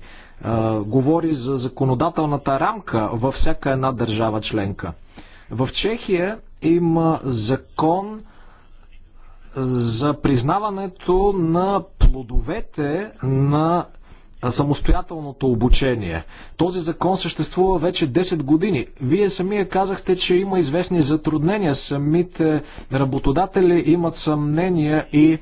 Говори за законодателната рамка във всяка една държава членка. В Чехия има закон за признаването на плодовете на самостоятелното обучение. Този закон съществува вече 10 години. Вие самия казахте, че има известни затруднения. Самите работодатели имат съмнения и е,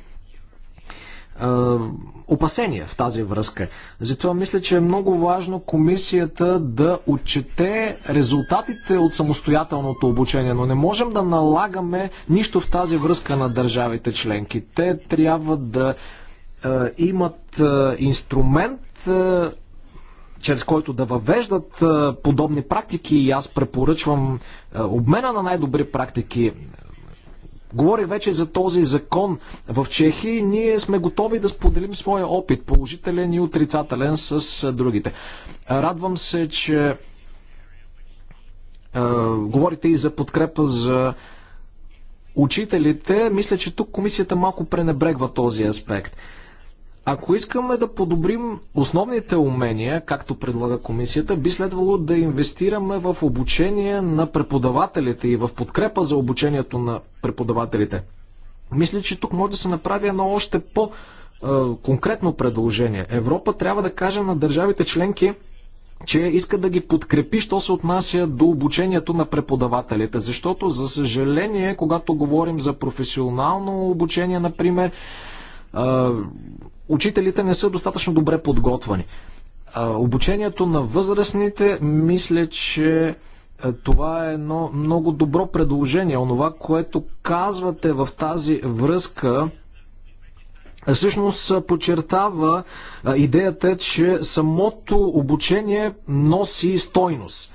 опасения в тази връзка. Затова мисля, че е много важно комисията да отчете резултатите от самостоятелното обучение, но не можем да налагаме нищо в тази връзка на държавите членки. Те трябва да е, имат е, инструмент, е, чрез който да въвеждат подобни практики и аз препоръчвам обмена на най-добри практики. Говори вече за този закон в Чехия и ние сме готови да споделим своя опит, положителен и отрицателен с другите. Радвам се, че говорите и за подкрепа за учителите. Мисля, че тук комисията малко пренебрегва този аспект. Ако искаме да подобрим основните умения, както предлага комисията, би следвало да инвестираме в обучение на преподавателите и в подкрепа за обучението на преподавателите. Мисля, че тук може да се направи едно още по- конкретно предложение. Европа трябва да каже на държавите членки, че иска да ги подкрепи, що се отнася до обучението на преподавателите. Защото, за съжаление, когато говорим за професионално обучение, например, учителите не са достатъчно добре подготвени. Обучението на възрастните, мисля, че това е едно много добро предложение. Онова, което казвате в тази връзка, всъщност подчертава идеята, че самото обучение носи стойност.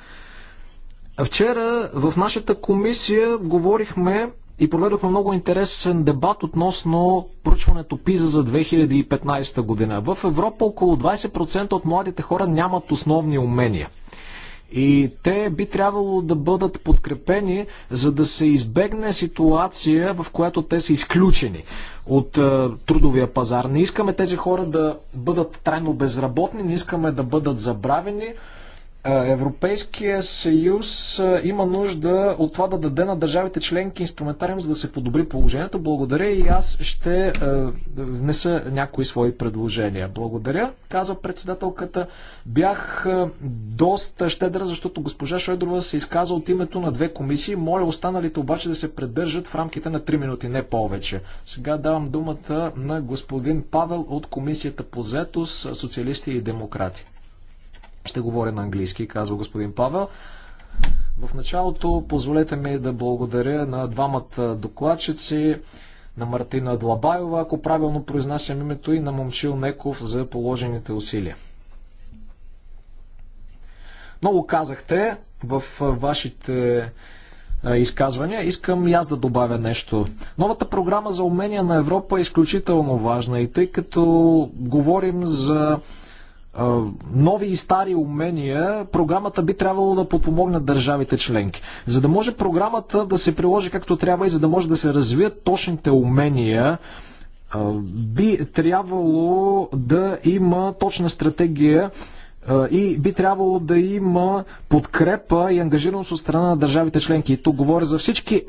Вчера в нашата комисия говорихме и проведохме много интересен дебат относно проучването ПИЗа за 2015 година. В Европа около 20% от младите хора нямат основни умения. И те би трябвало да бъдат подкрепени, за да се избегне ситуация, в която те са изключени от е, трудовия пазар. Не искаме тези хора да бъдат трайно безработни, не искаме да бъдат забравени. Европейския съюз има нужда от това да даде на държавите членки инструментариум, за да се подобри положението. Благодаря и аз ще внеса някои свои предложения. Благодаря, казва председателката. Бях доста щедър, защото госпожа Шойдрова се изказа от името на две комисии. Моля останалите обаче да се придържат в рамките на 3 минути, не повече. Сега давам думата на господин Павел от Комисията по заетост, социалисти и демократи. Ще говоря на английски, казва господин Павел. В началото позволете ми да благодаря на двамата докладчици, на Мартина Длабаева, ако правилно произнасям името, и на Момчил Неков за положените усилия. Много казахте в вашите изказвания. Искам и аз да добавя нещо. Новата програма за умения на Европа е изключително важна и тъй като говорим за нови и стари умения, програмата би трябвало да подпомогне държавите членки. За да може програмата да се приложи както трябва и за да може да се развият точните умения, би трябвало да има точна стратегия и би трябвало да има подкрепа и ангажираност от страна на държавите членки. И тук говоря за всички е,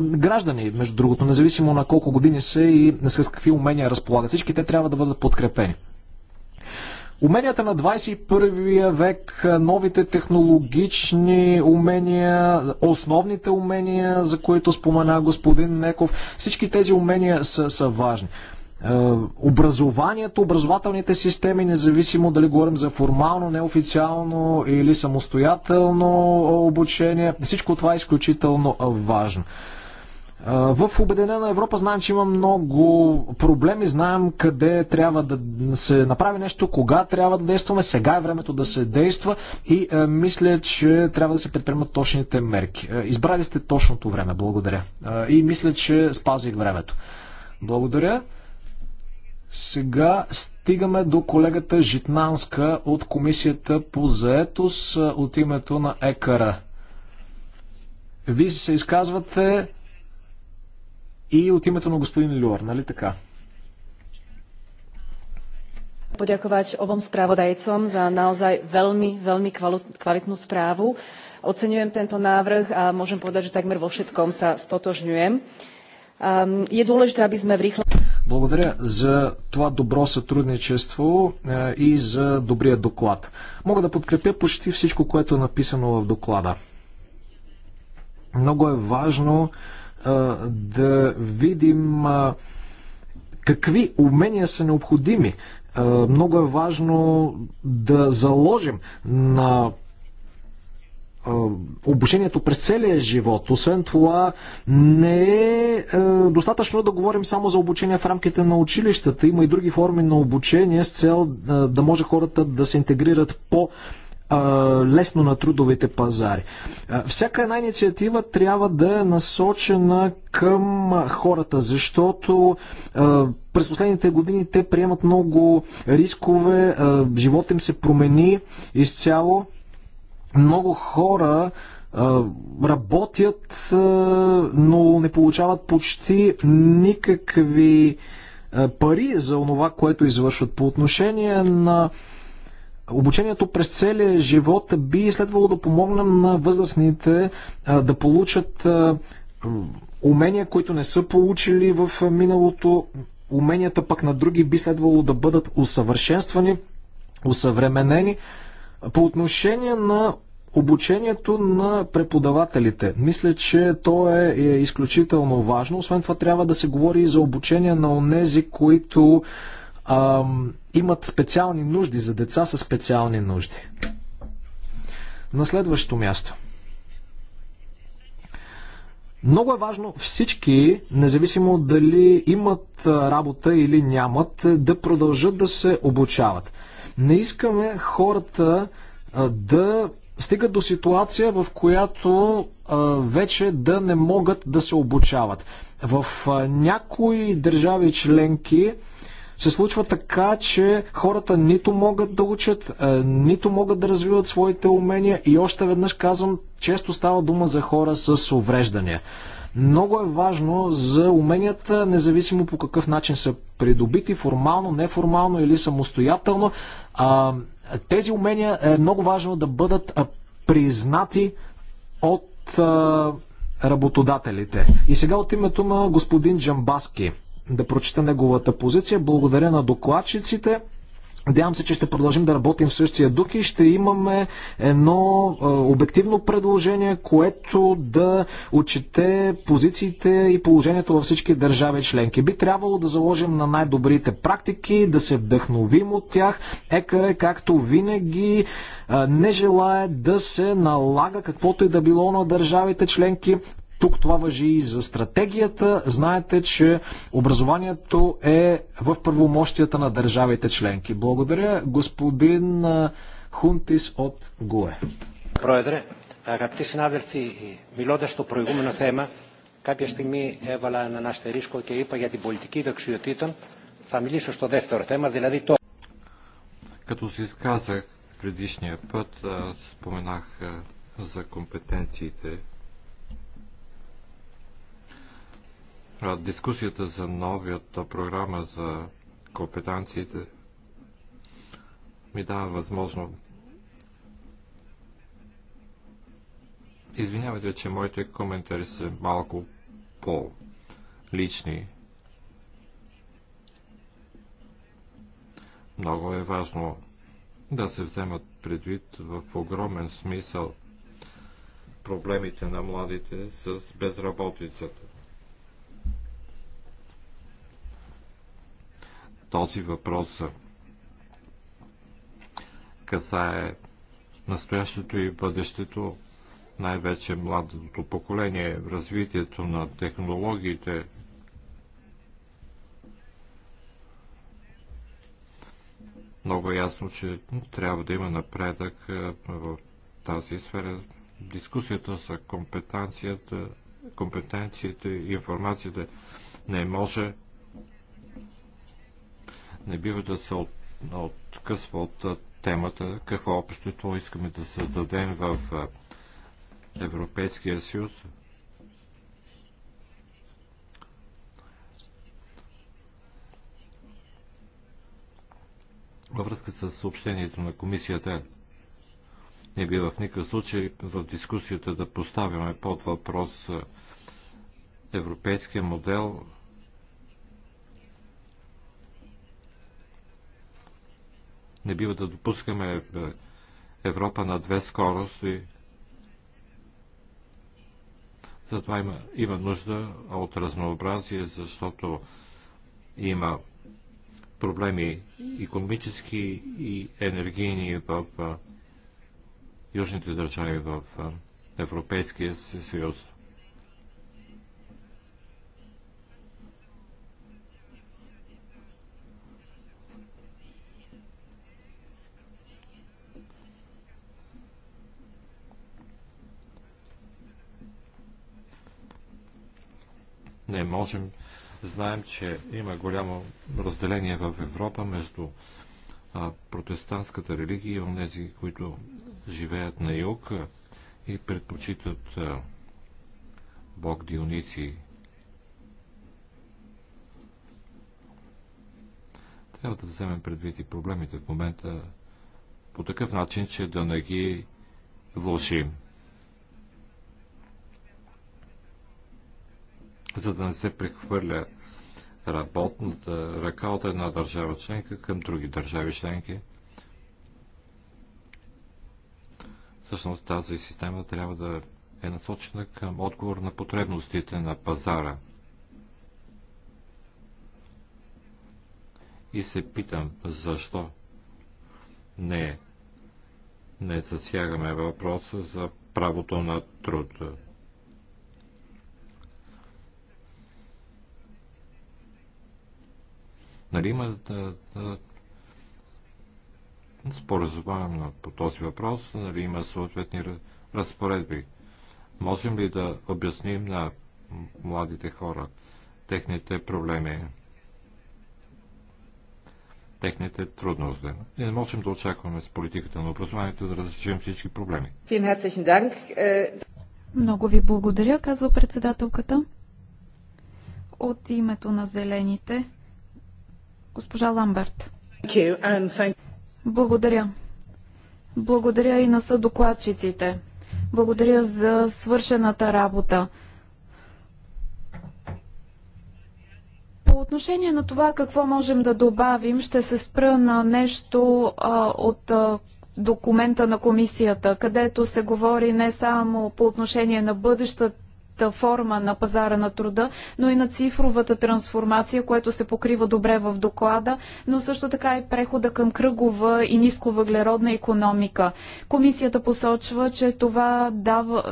граждани, между другото, независимо на колко години са и с какви умения разполагат. Всички те трябва да бъдат подкрепени. Уменията на 21 век, новите технологични умения, основните умения, за които спомена господин Неков, всички тези умения са, са важни. Е, образованието, образователните системи, независимо дали говорим за формално, неофициално или самостоятелно е, обучение, всичко това е изключително важно. В Обединена Европа знаем, че има много проблеми, знаем къде трябва да се направи нещо, кога трябва да действаме, сега е времето да се действа и мисля, че трябва да се предприемат точните мерки. избрали сте точното време, благодаря. и мисля, че спазих времето. Благодаря. Сега стигаме до колегата Житнанска от Комисията по заетост от името на ЕКАРА. Вие се изказвате и от името на господин Люар, нали така? poďakovať obom spravodajcom za naozaj veľmi, veľmi kvalitnú správu. Oceňujem tento návrh a môžem povedať, že takmer vo všetkom sa stotožňujem. Je dôležité, aby sme v rýchle... Благодаря за това добро сътрудничество и за добрия доклад. Мога да подкрепя почти всичко, което е написано в доклада. Много е важно да видим какви умения са необходими. Много е важно да заложим на обучението през целия живот. Освен това, не е достатъчно да говорим само за обучение в рамките на училищата. Има и други форми на обучение с цел да може хората да се интегрират по- лесно на трудовите пазари. Всяка една инициатива трябва да е насочена към хората, защото през последните години те приемат много рискове, живота им се промени изцяло. Много хора работят, но не получават почти никакви пари за това, което извършват. По отношение на Обучението през целия живот би следвало да помогнем на възрастните да получат умения, които не са получили в миналото. Уменията пък на други би следвало да бъдат усъвършенствани, усъвременени. По отношение на обучението на преподавателите. Мисля, че то е, е изключително важно. Освен това трябва да се говори и за обучение на онези, които а, имат специални нужди за деца със специални нужди. На следващото място. Много е важно всички, независимо дали имат работа или нямат, да продължат да се обучават. Не искаме хората да стигат до ситуация, в която вече да не могат да се обучават. В някои държави членки се случва така, че хората нито могат да учат, е, нито могат да развиват своите умения и още веднъж казвам, често става дума за хора с увреждания. Много е важно за уменията, независимо по какъв начин са придобити, формално, неформално или самостоятелно. Тези умения е много важно да бъдат признати от работодателите. И сега от името на господин Джамбаски – да прочета неговата позиция. Благодаря на докладчиците. Надявам се, че ще продължим да работим в същия дух и ще имаме едно е, обективно предложение, което да отчете позициите и положението във всички държави членки. Би трябвало да заложим на най-добрите практики, да се вдъхновим от тях. ЕКР, както винаги, е, не желая да се налага каквото и да било на държавите членки. Тук това въжи и за стратегията. Знаете, че образованието е в първомощията на държавите членки. Благодаря господин Хунтис от ГУЕ. Πρόεδρε, αγαπητοί συνάδελφοι, μιλώντας στο προηγούμενο θέμα, κάποια στιγμή έβαλα έναν αστερίσκο και είπα για την πολιτική δεξιοτήτων. Θα μιλήσω στο δεύτερο θέμα, δηλαδή το... Като се изказах предишния път, споменах за компетенциите дискусията за новията програма за компетенциите ми дава възможно. Извинявайте, че моите коментари са малко по-лични. Много е важно да се вземат предвид в огромен смисъл проблемите на младите с безработицата. Този въпрос касае настоящето и бъдещето, най-вече младото поколение, развитието на технологиите. Много е ясно, че трябва да има напредък в тази сфера. Дискусията за компетенцията, компетенцията и информацията не може не бива да се от, откъсва от темата какво общото искаме да създадем в Европейския съюз. Във връзка с съобщението на комисията не бива в никакъв случай в дискусията да поставяме под въпрос европейския модел Не бива да допускаме е, Европа на две скорости. Затова има, има нужда от разнообразие, защото има проблеми економически и енергийни в южните държави в Европейския съюз. не можем. Знаем, че има голямо разделение в Европа между протестантската религия и онези, които живеят на юг и предпочитат Бог Дионисий. Трябва да вземем предвид и проблемите в момента по такъв начин, че да не ги вложим. за да не се прехвърля работната ръка от една държава членка към други държави членки. Всъщност тази система трябва да е насочена към отговор на потребностите на пазара. И се питам, защо не, не засягаме въпроса за правото на труд. Нали има да, да, споразумение по този въпрос, нали има съответни разпоредби. Можем ли да обясним на младите хора техните проблеми, техните трудности? не можем да очакваме с политиката на образованието да разрешим всички проблеми. Е, Много ви благодаря, казва председателката. От името на зелените Госпожа Ламберт. Благодаря. Благодаря и на съдокладчиците. Благодаря за свършената работа. По отношение на това какво можем да добавим, ще се спра на нещо а, от а, документа на комисията, където се говори не само по отношение на бъдещата форма на пазара на труда, но и на цифровата трансформация, което се покрива добре в доклада, но също така и прехода към кръгова и нисковъглеродна економика. Комисията посочва, че това дава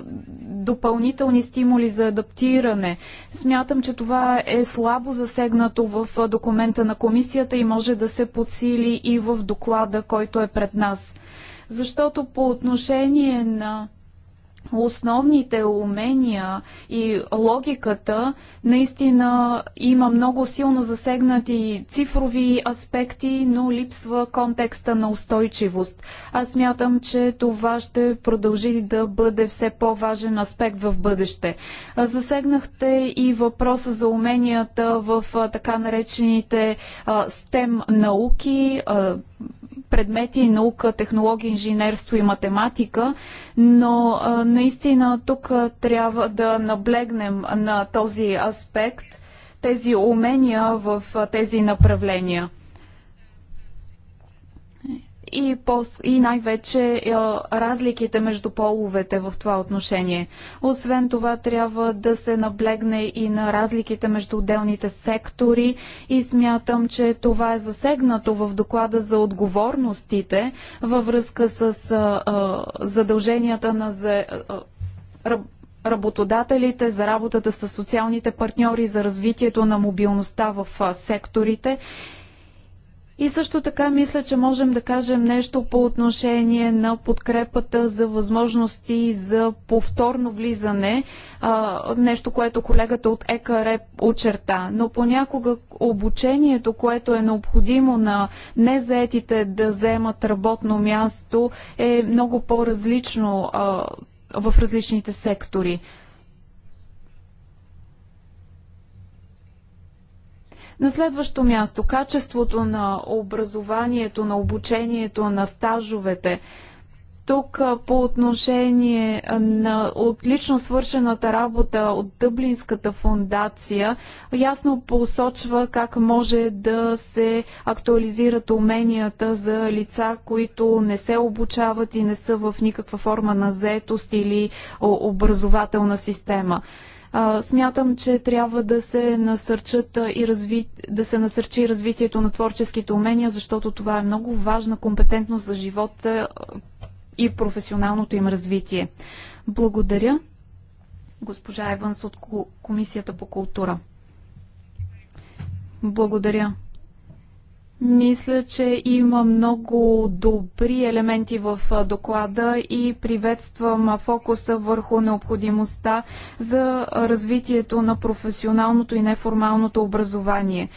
допълнителни стимули за адаптиране. Смятам, че това е слабо засегнато в документа на комисията и може да се подсили и в доклада, който е пред нас. Защото по отношение на основните умения и логиката, наистина има много силно засегнати цифрови аспекти, но липсва контекста на устойчивост. Аз мятам, че това ще продължи да бъде все по-важен аспект в бъдеще. Засегнахте и въпроса за уменията в така наречените STEM науки, предмети наука, технология, инженерство и математика, но наистина тук трябва да наблегнем на този аспект, тези умения в тези направления и, по, и най-вече е, разликите между половете в това отношение. Освен това, трябва да се наблегне и на разликите между отделните сектори и смятам, че това е засегнато в доклада за отговорностите във връзка с а, а, задълженията на за, а, работодателите, за работата с социалните партньори, за развитието на мобилността в секторите и също така мисля, че можем да кажем нещо по отношение на подкрепата за възможности за повторно влизане, нещо, което колегата от ЕКР очерта. Но понякога обучението, което е необходимо на незаетите да вземат работно място, е много по-различно в различните сектори. На следващо място, качеството на образованието, на обучението, на стажовете. Тук по отношение на отлично свършената работа от Дъблинската фундация ясно посочва как може да се актуализират уменията за лица, които не се обучават и не са в никаква форма на заетост или образователна система. Смятам, че трябва да се, насърчат и разви... да се насърчи развитието на творческите умения, защото това е много важна компетентност за живота и професионалното им развитие. Благодаря, госпожа Еванс от Комисията по култура. Благодаря, мисля, че има много добри елементи в доклада и приветствам фокуса върху необходимостта за развитието на професионалното и неформалното образование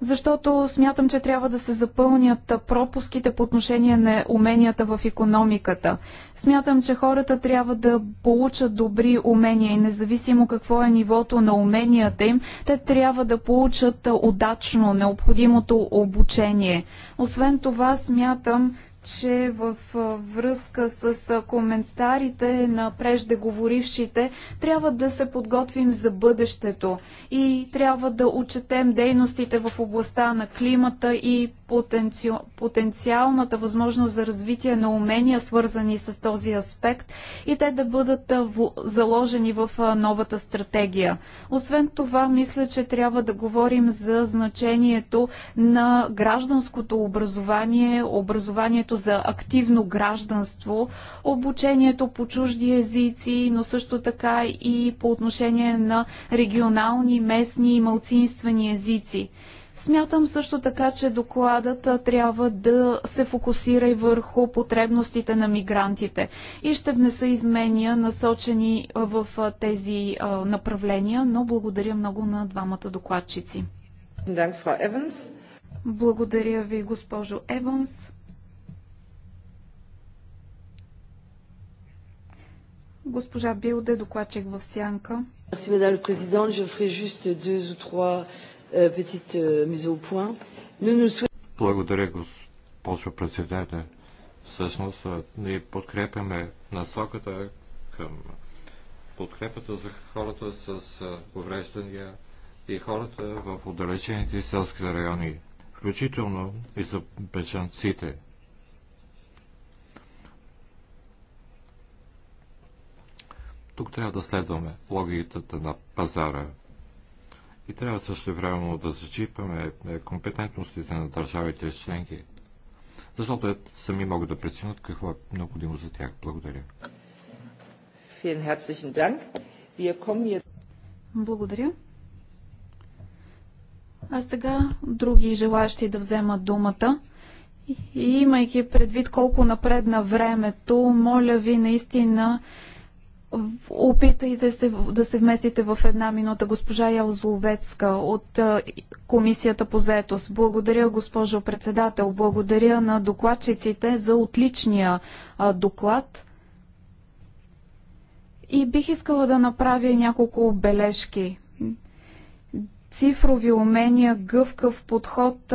защото смятам, че трябва да се запълнят пропуските по отношение на уменията в економиката. Смятам, че хората трябва да получат добри умения и независимо какво е нивото на уменията им, те трябва да получат удачно необходимото обучение. Освен това, смятам, че в връзка с коментарите на преждеговорившите трябва да се подготвим за бъдещето и трябва да отчетем дейностите в областта на климата и потенци... потенциалната възможност за развитие на умения, свързани с този аспект и те да бъдат в... заложени в новата стратегия. Освен това, мисля, че трябва да говорим за значението на гражданското образование, образованието за активно гражданство, обучението по чужди езици, но също така и по отношение на регионални, местни и малцинствени езици. Смятам също така, че докладът трябва да се фокусира и върху потребностите на мигрантите и ще внеса изменения насочени в тези направления, но благодаря много на двамата докладчици. Благодаря ви, госпожо Еванс. Госпожа Билде, докладчик в Сянка. Merci, Madame la Présidente. Je ferai juste deux ou trois Euh, petite euh, mise au point. Nous nous souhaitons... Благодаря, госпожо председател. Всъщност, ние подкрепяме насоката към подкрепата за хората с увреждания и хората в отдалечените селски райони, включително и за бежанците. Тук трябва да следваме логиката на пазара – и трябва също времено да зачипаме е, компетентностите на държавите и членки, защото е, сами могат да преценят какво е необходимо за тях. Благодаря. Благодаря. А сега други желащи да вземат думата. И имайки предвид колко напредна времето, моля ви наистина Опитайте се да се вместите в една минута. Госпожа Ялзловецка от Комисията по заетост. Благодаря, госпожо председател. Благодаря на докладчиците за отличния доклад. И бих искала да направя няколко бележки. Цифрови умения, гъвкав подход,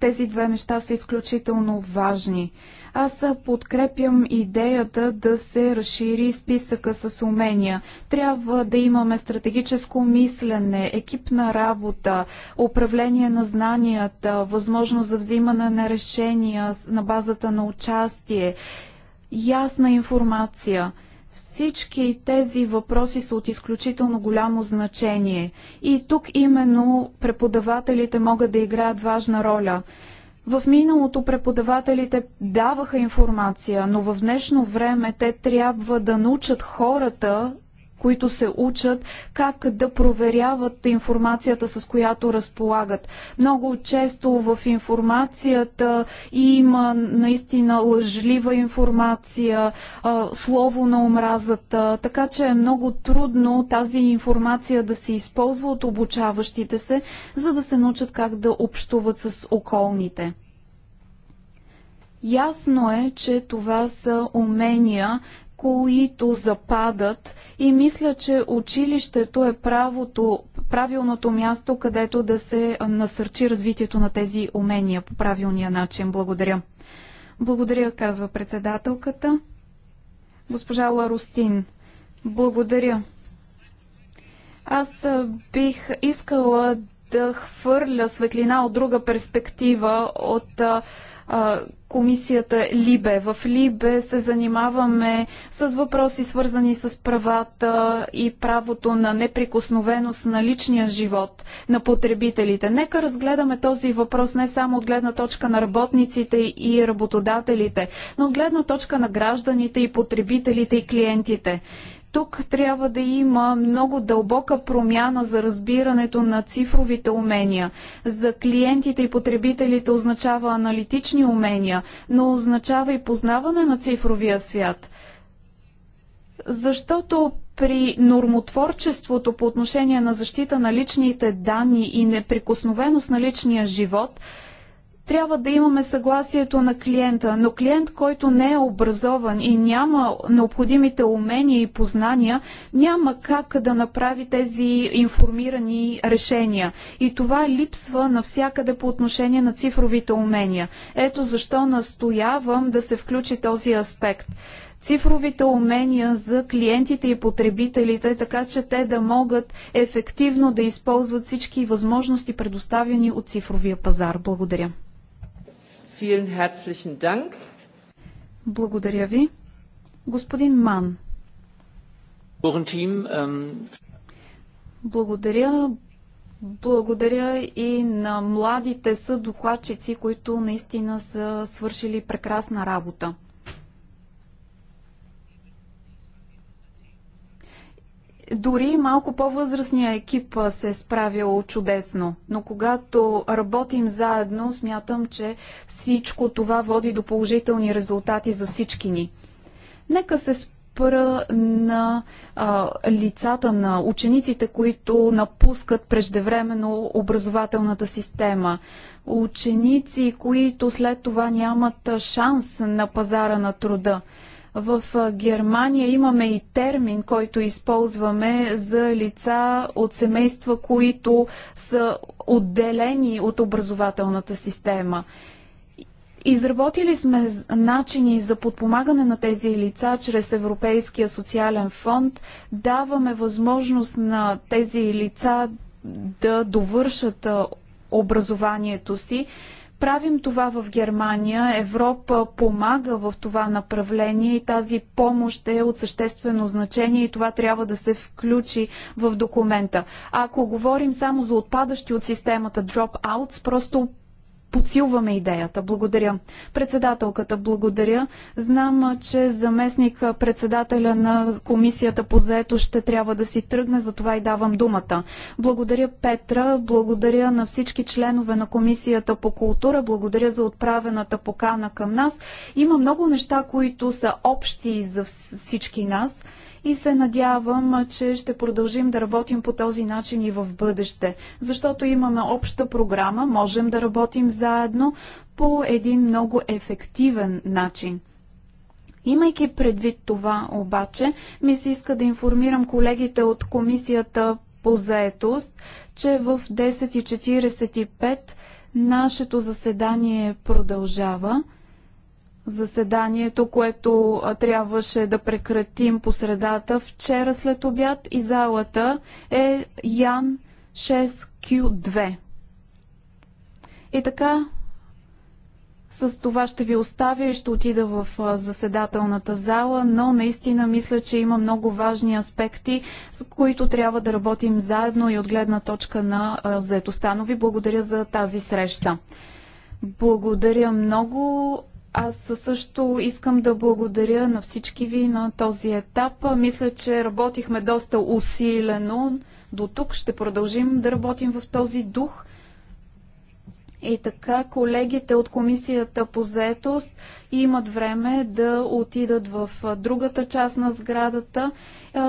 тези две неща са изключително важни. Аз подкрепям идеята да се разшири списъка с умения. Трябва да имаме стратегическо мислене, екипна работа, управление на знанията, възможност за взимане на решения на базата на участие, ясна информация. Всички тези въпроси са от изключително голямо значение и тук именно преподавателите могат да играят важна роля. В миналото преподавателите даваха информация, но в днешно време те трябва да научат хората които се учат как да проверяват информацията, с която разполагат. Много често в информацията има наистина лъжлива информация, слово на омразата, така че е много трудно тази информация да се използва от обучаващите се, за да се научат как да общуват с околните. Ясно е, че това са умения, които западат и мисля, че училището е правото, правилното място, където да се насърчи развитието на тези умения по правилния начин. Благодаря. Благодаря, казва председателката. Госпожа Ларостин, благодаря. Аз бих искала да хвърля светлина от друга перспектива, от комисията Либе. В Либе се занимаваме с въпроси свързани с правата и правото на неприкосновеност на личния живот на потребителите. Нека разгледаме този въпрос не само от гледна точка на работниците и работодателите, но от гледна точка на гражданите и потребителите и клиентите. Тук трябва да има много дълбока промяна за разбирането на цифровите умения. За клиентите и потребителите означава аналитични умения, но означава и познаване на цифровия свят. Защото при нормотворчеството по отношение на защита на личните данни и неприкосновеност на личния живот – трябва да имаме съгласието на клиента, но клиент, който не е образован и няма необходимите умения и познания, няма как да направи тези информирани решения. И това липсва навсякъде по отношение на цифровите умения. Ето защо настоявам да се включи този аспект цифровите умения за клиентите и потребителите, така че те да могат ефективно да използват всички възможности, предоставени от цифровия пазар. Благодаря. Vielen herzlichen Dank. Благодаря ви. Господин Ман. Благодаря. Благодаря и на младите съдокладчици, които наистина са свършили прекрасна работа. Дори малко по-възрастния екип се е справил чудесно, но когато работим заедно, смятам, че всичко това води до положителни резултати за всички ни. Нека се спра на а, лицата на учениците, които напускат преждевременно образователната система. Ученици, които след това нямат шанс на пазара на труда. В Германия имаме и термин, който използваме за лица от семейства, които са отделени от образователната система. Изработили сме начини за подпомагане на тези лица чрез Европейския социален фонд. Даваме възможност на тези лица да довършат образованието си Правим това в Германия. Европа помага в това направление и тази помощ е от съществено значение и това трябва да се включи в документа. ако говорим само за отпадащи от системата drop-outs, просто подсилваме идеята. Благодаря. Председателката, благодаря. Знам, че заместник председателя на комисията по заето ще трябва да си тръгне, затова и давам думата. Благодаря Петра, благодаря на всички членове на комисията по култура, благодаря за отправената покана към нас. Има много неща, които са общи за всички нас – и се надявам, че ще продължим да работим по този начин и в бъдеще, защото имаме обща програма, можем да работим заедно по един много ефективен начин. Имайки предвид това обаче, ми се иска да информирам колегите от Комисията по заетост, че в 10.45 нашето заседание продължава заседанието, което трябваше да прекратим по средата вчера след обяд и залата е Ян 6Q2. И така, с това ще ви оставя и ще отида в заседателната зала, но наистина мисля, че има много важни аспекти, с които трябва да работим заедно и от гледна точка на заетостта. Но ви благодаря за тази среща. Благодаря много. Аз също искам да благодаря на всички ви на този етап. Мисля, че работихме доста усилено до тук. Ще продължим да работим в този дух. И така колегите от комисията по заетост имат време да отидат в другата част на сградата.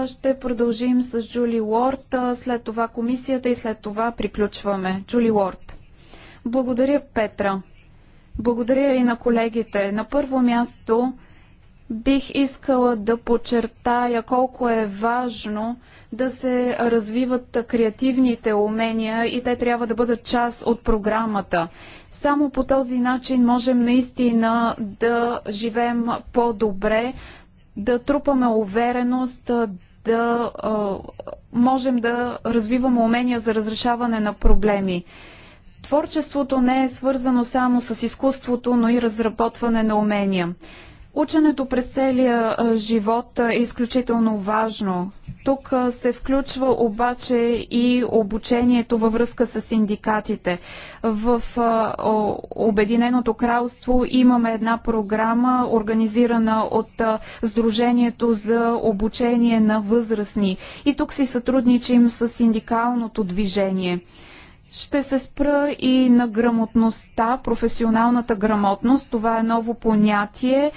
Ще продължим с Джули Уорд, след това комисията и след това приключваме. Джули Уорд. Благодаря, Петра. Благодаря и на колегите. На първо място бих искала да подчертая колко е важно да се развиват креативните умения и те трябва да бъдат част от програмата. Само по този начин можем наистина да живеем по-добре, да трупаме увереност, да можем да развиваме умения за разрешаване на проблеми. Творчеството не е свързано само с изкуството, но и разработване на умения. Ученето през целия живот е изключително важно. Тук се включва обаче и обучението във връзка с синдикатите. В Обединеното кралство имаме една програма, организирана от Сдружението за обучение на възрастни. И тук си сътрудничим с синдикалното движение. Ще се спра и на грамотността, професионалната грамотност. Това е ново понятие,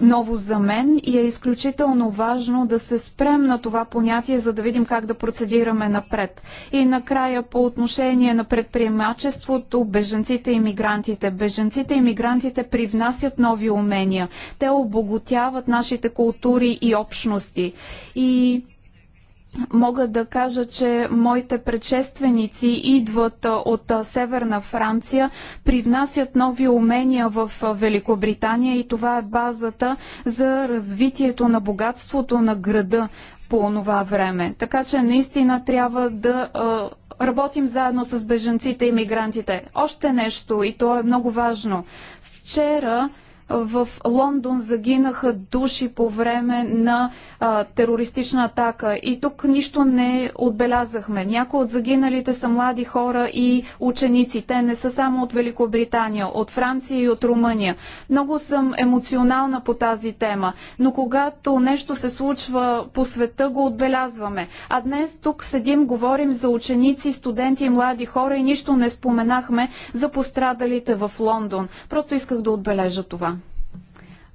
ново за мен и е изключително важно да се спрем на това понятие, за да видим как да процедираме напред. И накрая по отношение на предприемачеството, беженците и мигрантите. Беженците и мигрантите привнасят нови умения. Те обогатяват нашите култури и общности. И мога да кажа, че моите предшественици идват от Северна Франция, привнасят нови умения в Великобритания и това е базата за развитието на богатството на града по това време. Така че наистина трябва да работим заедно с беженците и мигрантите. Още нещо и то е много важно. Вчера в Лондон загинаха души по време на а, терористична атака и тук нищо не отбелязахме. Някои от загиналите са млади хора и ученици. Те не са само от Великобритания, от Франция и от Румъния. Много съм емоционална по тази тема, но когато нещо се случва по света, го отбелязваме. А днес тук седим, говорим за ученици, студенти и млади хора и нищо не споменахме за пострадалите в Лондон. Просто исках да отбележа това.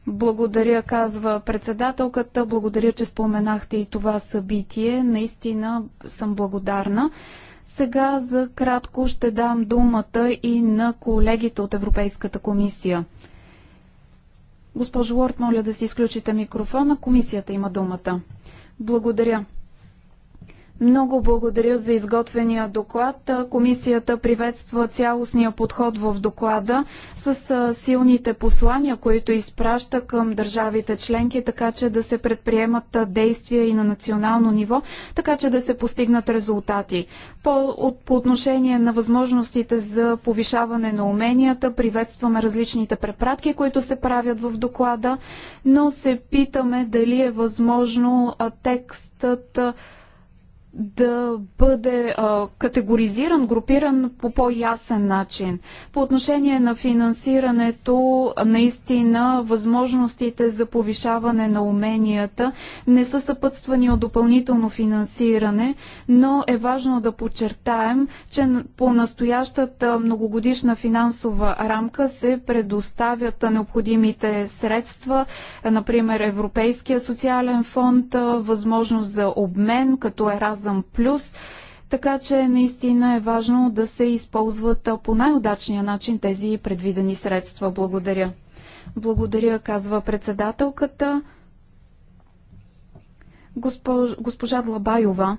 Благодаря, казва председателката. Благодаря, че споменахте и това събитие. Наистина съм благодарна. Сега за кратко ще дам думата и на колегите от Европейската комисия. Госпожо Лорд, моля да си изключите микрофона. Комисията има думата. Благодаря. Много благодаря за изготвения доклад. Комисията приветства цялостния подход в доклада с силните послания, които изпраща към държавите членки, така че да се предприемат действия и на национално ниво, така че да се постигнат резултати. По, от, по отношение на възможностите за повишаване на уменията, приветстваме различните препратки, които се правят в доклада, но се питаме дали е възможно текстът да бъде а, категоризиран, групиран по по-ясен начин. По отношение на финансирането, наистина възможностите за повишаване на уменията не са съпътствани от допълнително финансиране, но е важно да подчертаем, че по настоящата многогодишна финансова рамка се предоставят необходимите средства, например Европейския социален фонд, възможност за обмен, като е раз казвам Плюс. Така че наистина е важно да се използват по най-удачния начин тези предвидени средства. Благодаря. Благодаря, казва председателката. Госпожа Длабайова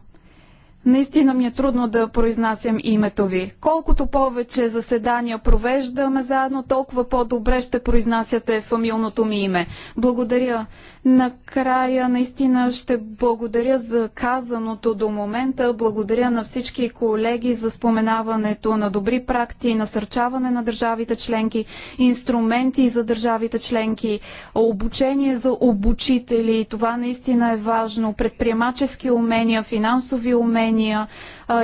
Наистина ми е трудно да произнасям името ви. Колкото повече заседания провеждаме заедно, толкова по-добре ще произнасяте фамилното ми име. Благодаря. Накрая наистина ще благодаря за казаното до момента. Благодаря на всички колеги за споменаването на добри практи, насърчаване на държавите членки, инструменти за държавите членки, обучение за обучители. Това наистина е важно. Предприемачески умения, финансови умения умения,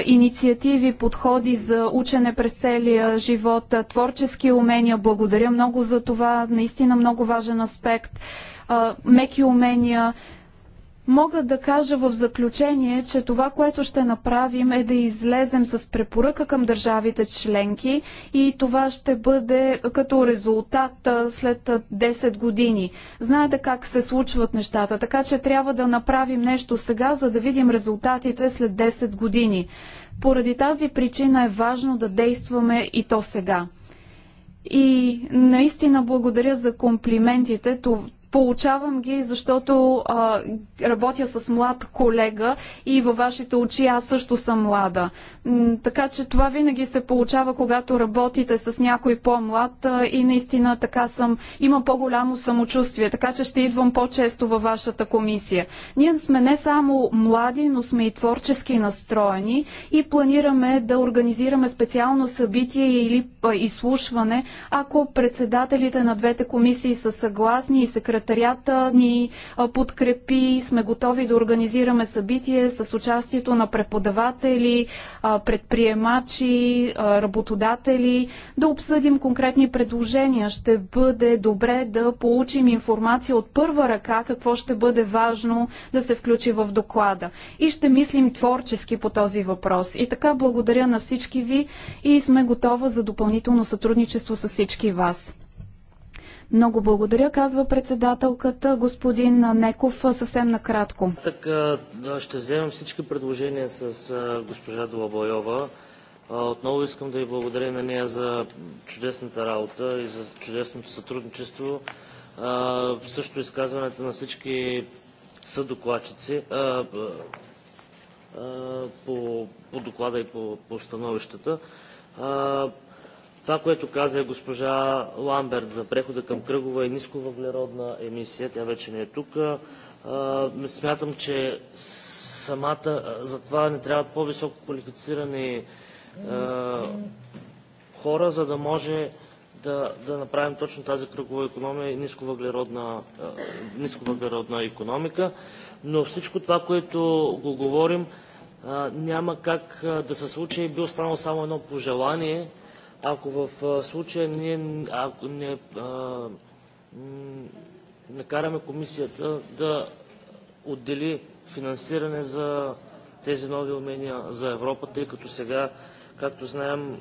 инициативи, подходи за учене през целия живот, творчески умения. Благодаря много за това. Наистина много важен аспект. Меки умения Мога да кажа в заключение, че това, което ще направим е да излезем с препоръка към държавите членки и това ще бъде като резултат след 10 години. Знаете как се случват нещата, така че трябва да направим нещо сега, за да видим резултатите след 10 години. Поради тази причина е важно да действаме и то сега. И наистина благодаря за комплиментите. Получавам ги, защото а, работя с млад колега и във вашите очи аз също съм млада. М- така че това винаги се получава, когато работите с някой по-млад а, и наистина така съм, има по-голямо самочувствие, така че ще идвам по-често във вашата комисия. Ние сме не само млади, но сме и творчески настроени и планираме да организираме специално събитие или изслушване, ако председателите на двете комисии са съгласни и секретарите секретарията ни подкрепи. Сме готови да организираме събитие с участието на преподаватели, предприемачи, работодатели, да обсъдим конкретни предложения. Ще бъде добре да получим информация от първа ръка какво ще бъде важно да се включи в доклада. И ще мислим творчески по този въпрос. И така благодаря на всички ви и сме готова за допълнително сътрудничество с всички вас. Много благодаря, казва председателката. Господин Неков, съвсем накратко. Така, ще вземем всички предложения с госпожа Долабойова. Отново искам да ви благодаря на нея за чудесната работа и за чудесното сътрудничество. Също изказването на всички съдокладчици по, по доклада и по, по становищата. Това, което каза госпожа Ламберт за прехода към кръгова и нисковъглеродна емисия, тя вече не е тук, смятам, че самата, за това не трябват по-високо квалифицирани хора, за да може да, да направим точно тази кръгова економия и нисковъглеродна, нисковъглеродна економика. Но всичко това, което го говорим, няма как да се случи и би останало само едно пожелание – ако в случая ние ако не а, накараме комисията да отдели финансиране за тези нови умения за Европа, тъй като сега, както знаем,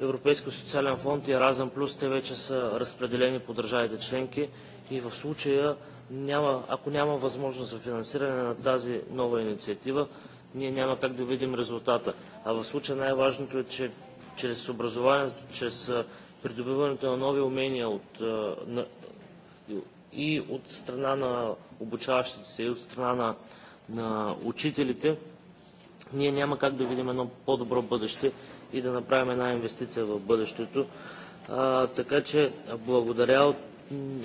Европейския социален фонд и Еразъм Плюс, те вече са разпределени по държавите членки и в случая, няма, ако няма възможност за финансиране на тази нова инициатива, ние няма как да видим резултата. А в случая най-важното е, че чрез образованието, чрез придобиването на нови умения от, на, и от страна на обучаващите се, и от страна на, на учителите, ние няма как да видим едно по-добро бъдеще и да направим една инвестиция в бъдещето. А, така че благодаря от,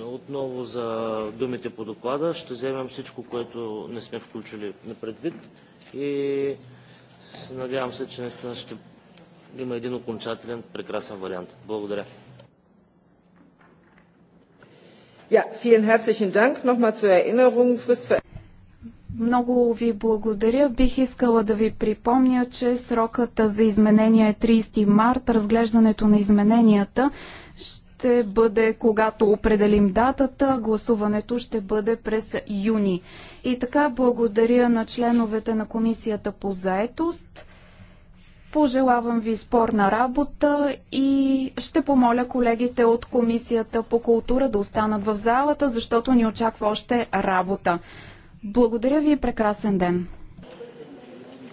отново за думите по доклада. Ще вземем всичко, което не сме включили на предвид и надявам се, че наистина ще има един окончателен прекрасен вариант. Благодаря. Ja, vielen herzlichen Dank. Nochmal zur Erinnerung, Frist für много ви благодаря. Бих искала да ви припомня, че сроката за изменения е 30 март. Разглеждането на измененията ще бъде, когато определим датата, гласуването ще бъде през юни. И така благодаря на членовете на Комисията по заетост. Пожелавам ви спорна работа и ще помоля колегите от Комисията по култура да останат в залата, защото ни очаква още работа. Благодаря ви и прекрасен ден!